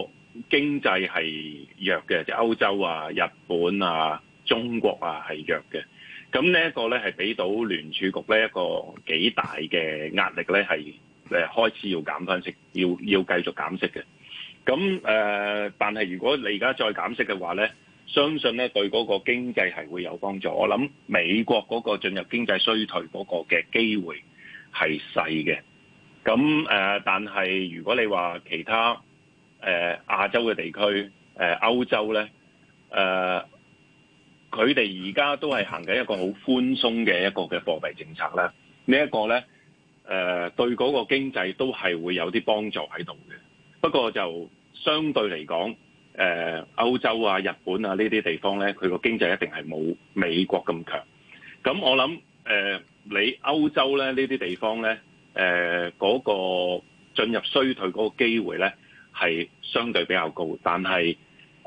個經濟係弱嘅，即係歐洲啊、日本啊、中國啊係弱嘅。咁呢一個咧，係俾到聯儲局呢一個幾大嘅壓力咧，係誒開始要減翻息，要要繼續減息嘅。咁誒、呃，但係如果你而家再減息嘅話咧，相信咧對嗰個經濟係會有幫助。我諗美國嗰個進入經濟衰退嗰個嘅機會係細嘅。咁誒、呃，但係如果你話其他誒、呃、亞洲嘅地區、誒、呃、歐洲咧，誒、呃。佢哋而家都係行緊一個好寬鬆嘅一個嘅貨幣政策啦。呢、這、一個呢，誒、呃、對嗰個經濟都係會有啲幫助喺度嘅。不過就相對嚟講，誒、呃、歐洲啊、日本啊呢啲地方呢，佢個經濟一定係冇美國咁強。咁我諗誒、呃，你歐洲呢呢啲地方呢，誒、呃、嗰、那個進入衰退嗰個機會呢，係相對比較高。但係誒、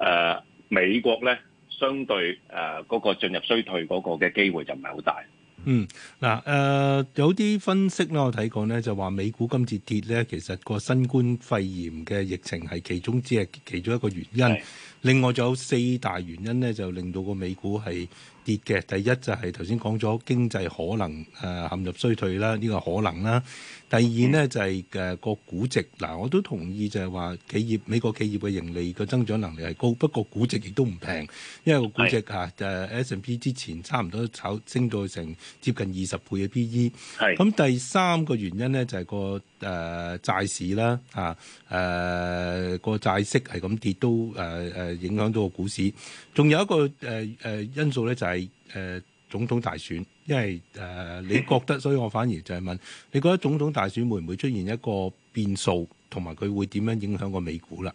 呃、美國呢。相對誒嗰、呃，嗰個進入衰退嗰個嘅機會就唔係好大。嗯，嗱、呃、誒有啲分析咧，我睇過呢就話美股今次跌呢，其實個新冠肺炎嘅疫情係其中只係其中一個原因，是另外仲有四大原因呢，就令到個美股係跌嘅，第一就係頭先講咗經濟可能誒陷入衰退啦，呢、這個可能啦。第二咧就係誒個估值，嗱、嗯、我都同意就係話企業美國企業嘅盈利個增長能力係高，不過估值亦都唔平，因為個估值吓就係 S and 是、啊、P 之前差唔多炒升到成接近二十倍嘅 P E。係咁是第三個原因咧就係、那個誒債、呃、市啦，吓誒個債息係咁跌都誒誒影響到個股市。仲有一個誒誒、呃、因素咧就係、是。係誒、呃、總統大選，因為誒、呃、你覺得，所以我反而就係問你覺得總統大選會唔會出現一個變數，同埋佢會點樣影響個美股啦？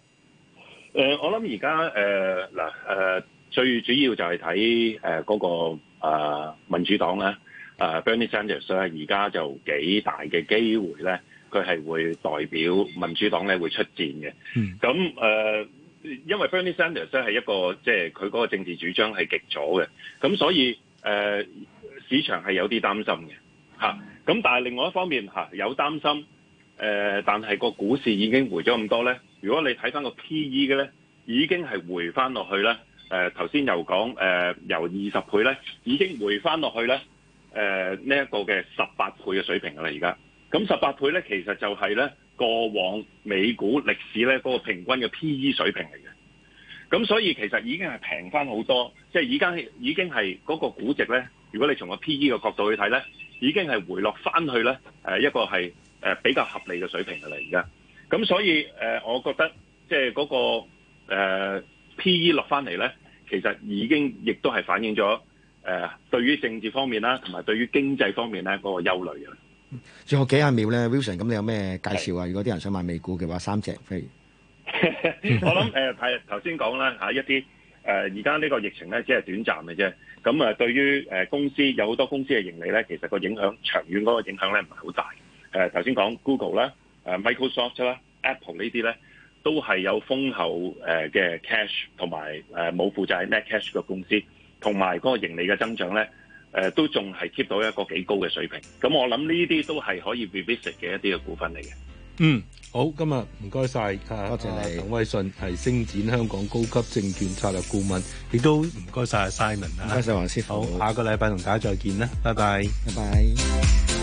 誒、呃，我諗而家誒嗱誒最主要就係睇誒嗰個啊民主黨咧，誒、呃、Bernie Sanders 而、呃、家就幾大嘅機會咧，佢係會代表民主黨咧會出戰嘅，咁誒、嗯。嗯呃因為 Bernie Sanders 咧係一個即係佢嗰個政治主張係極左嘅，咁所以誒、呃、市場係有啲擔心嘅嚇。咁、啊、但係另外一方面嚇、啊、有擔心誒、呃，但係個股市已經回咗咁多咧。如果你睇翻個 PE 嘅咧，已經係回翻落去咧。誒頭先又講誒、呃、由二十倍咧，已經回翻落去咧。誒呢一個嘅十八倍嘅水平㗎喇。而家，咁十八倍咧其實就係咧。過往美股歷史咧嗰、那個平均嘅 P/E 水平嚟嘅，咁所以其實已經係平翻好多，即係而家已經係嗰個估值咧。如果你從個 P/E 嘅角度去睇咧，已經係回落翻去咧誒、呃、一個係誒、呃、比較合理嘅水平嘅啦。而家咁所以誒、呃，我覺得即係嗰、那個、呃、P/E 落翻嚟咧，其實已經亦都係反映咗誒、呃、對於政治方面啦、啊，同埋對於經濟方面咧嗰、那個憂慮嘅。最後幾廿秒咧，Wilson，咁你有咩介紹啊？是如果啲人想買美股嘅話，三隻飛。我諗誒係頭先講啦吓， 呃、一啲誒而家呢個疫情咧，只係短暫嘅啫。咁啊，對於誒公司有好多公司嘅盈利咧，其實個影響長遠嗰個影響咧唔係好大。誒頭先講 Google 啦、啊，誒 Microsoft 啦、啊、Apple 呢啲咧都係有豐厚誒嘅 cash 同埋誒冇負債 net cash 嘅公司，同埋嗰個盈利嘅增長咧。誒都仲係 keep 到一個幾高嘅水平，咁我諗呢啲都係可以 revisit 嘅一啲嘅股份嚟嘅。嗯，好，今日唔該曬，多謝你，董威信，係星展香港高級證券策略顧問，亦都唔該曬 Simon 啊，多謝黃師傅，好，下個禮拜同大家再見啦，拜拜，拜拜。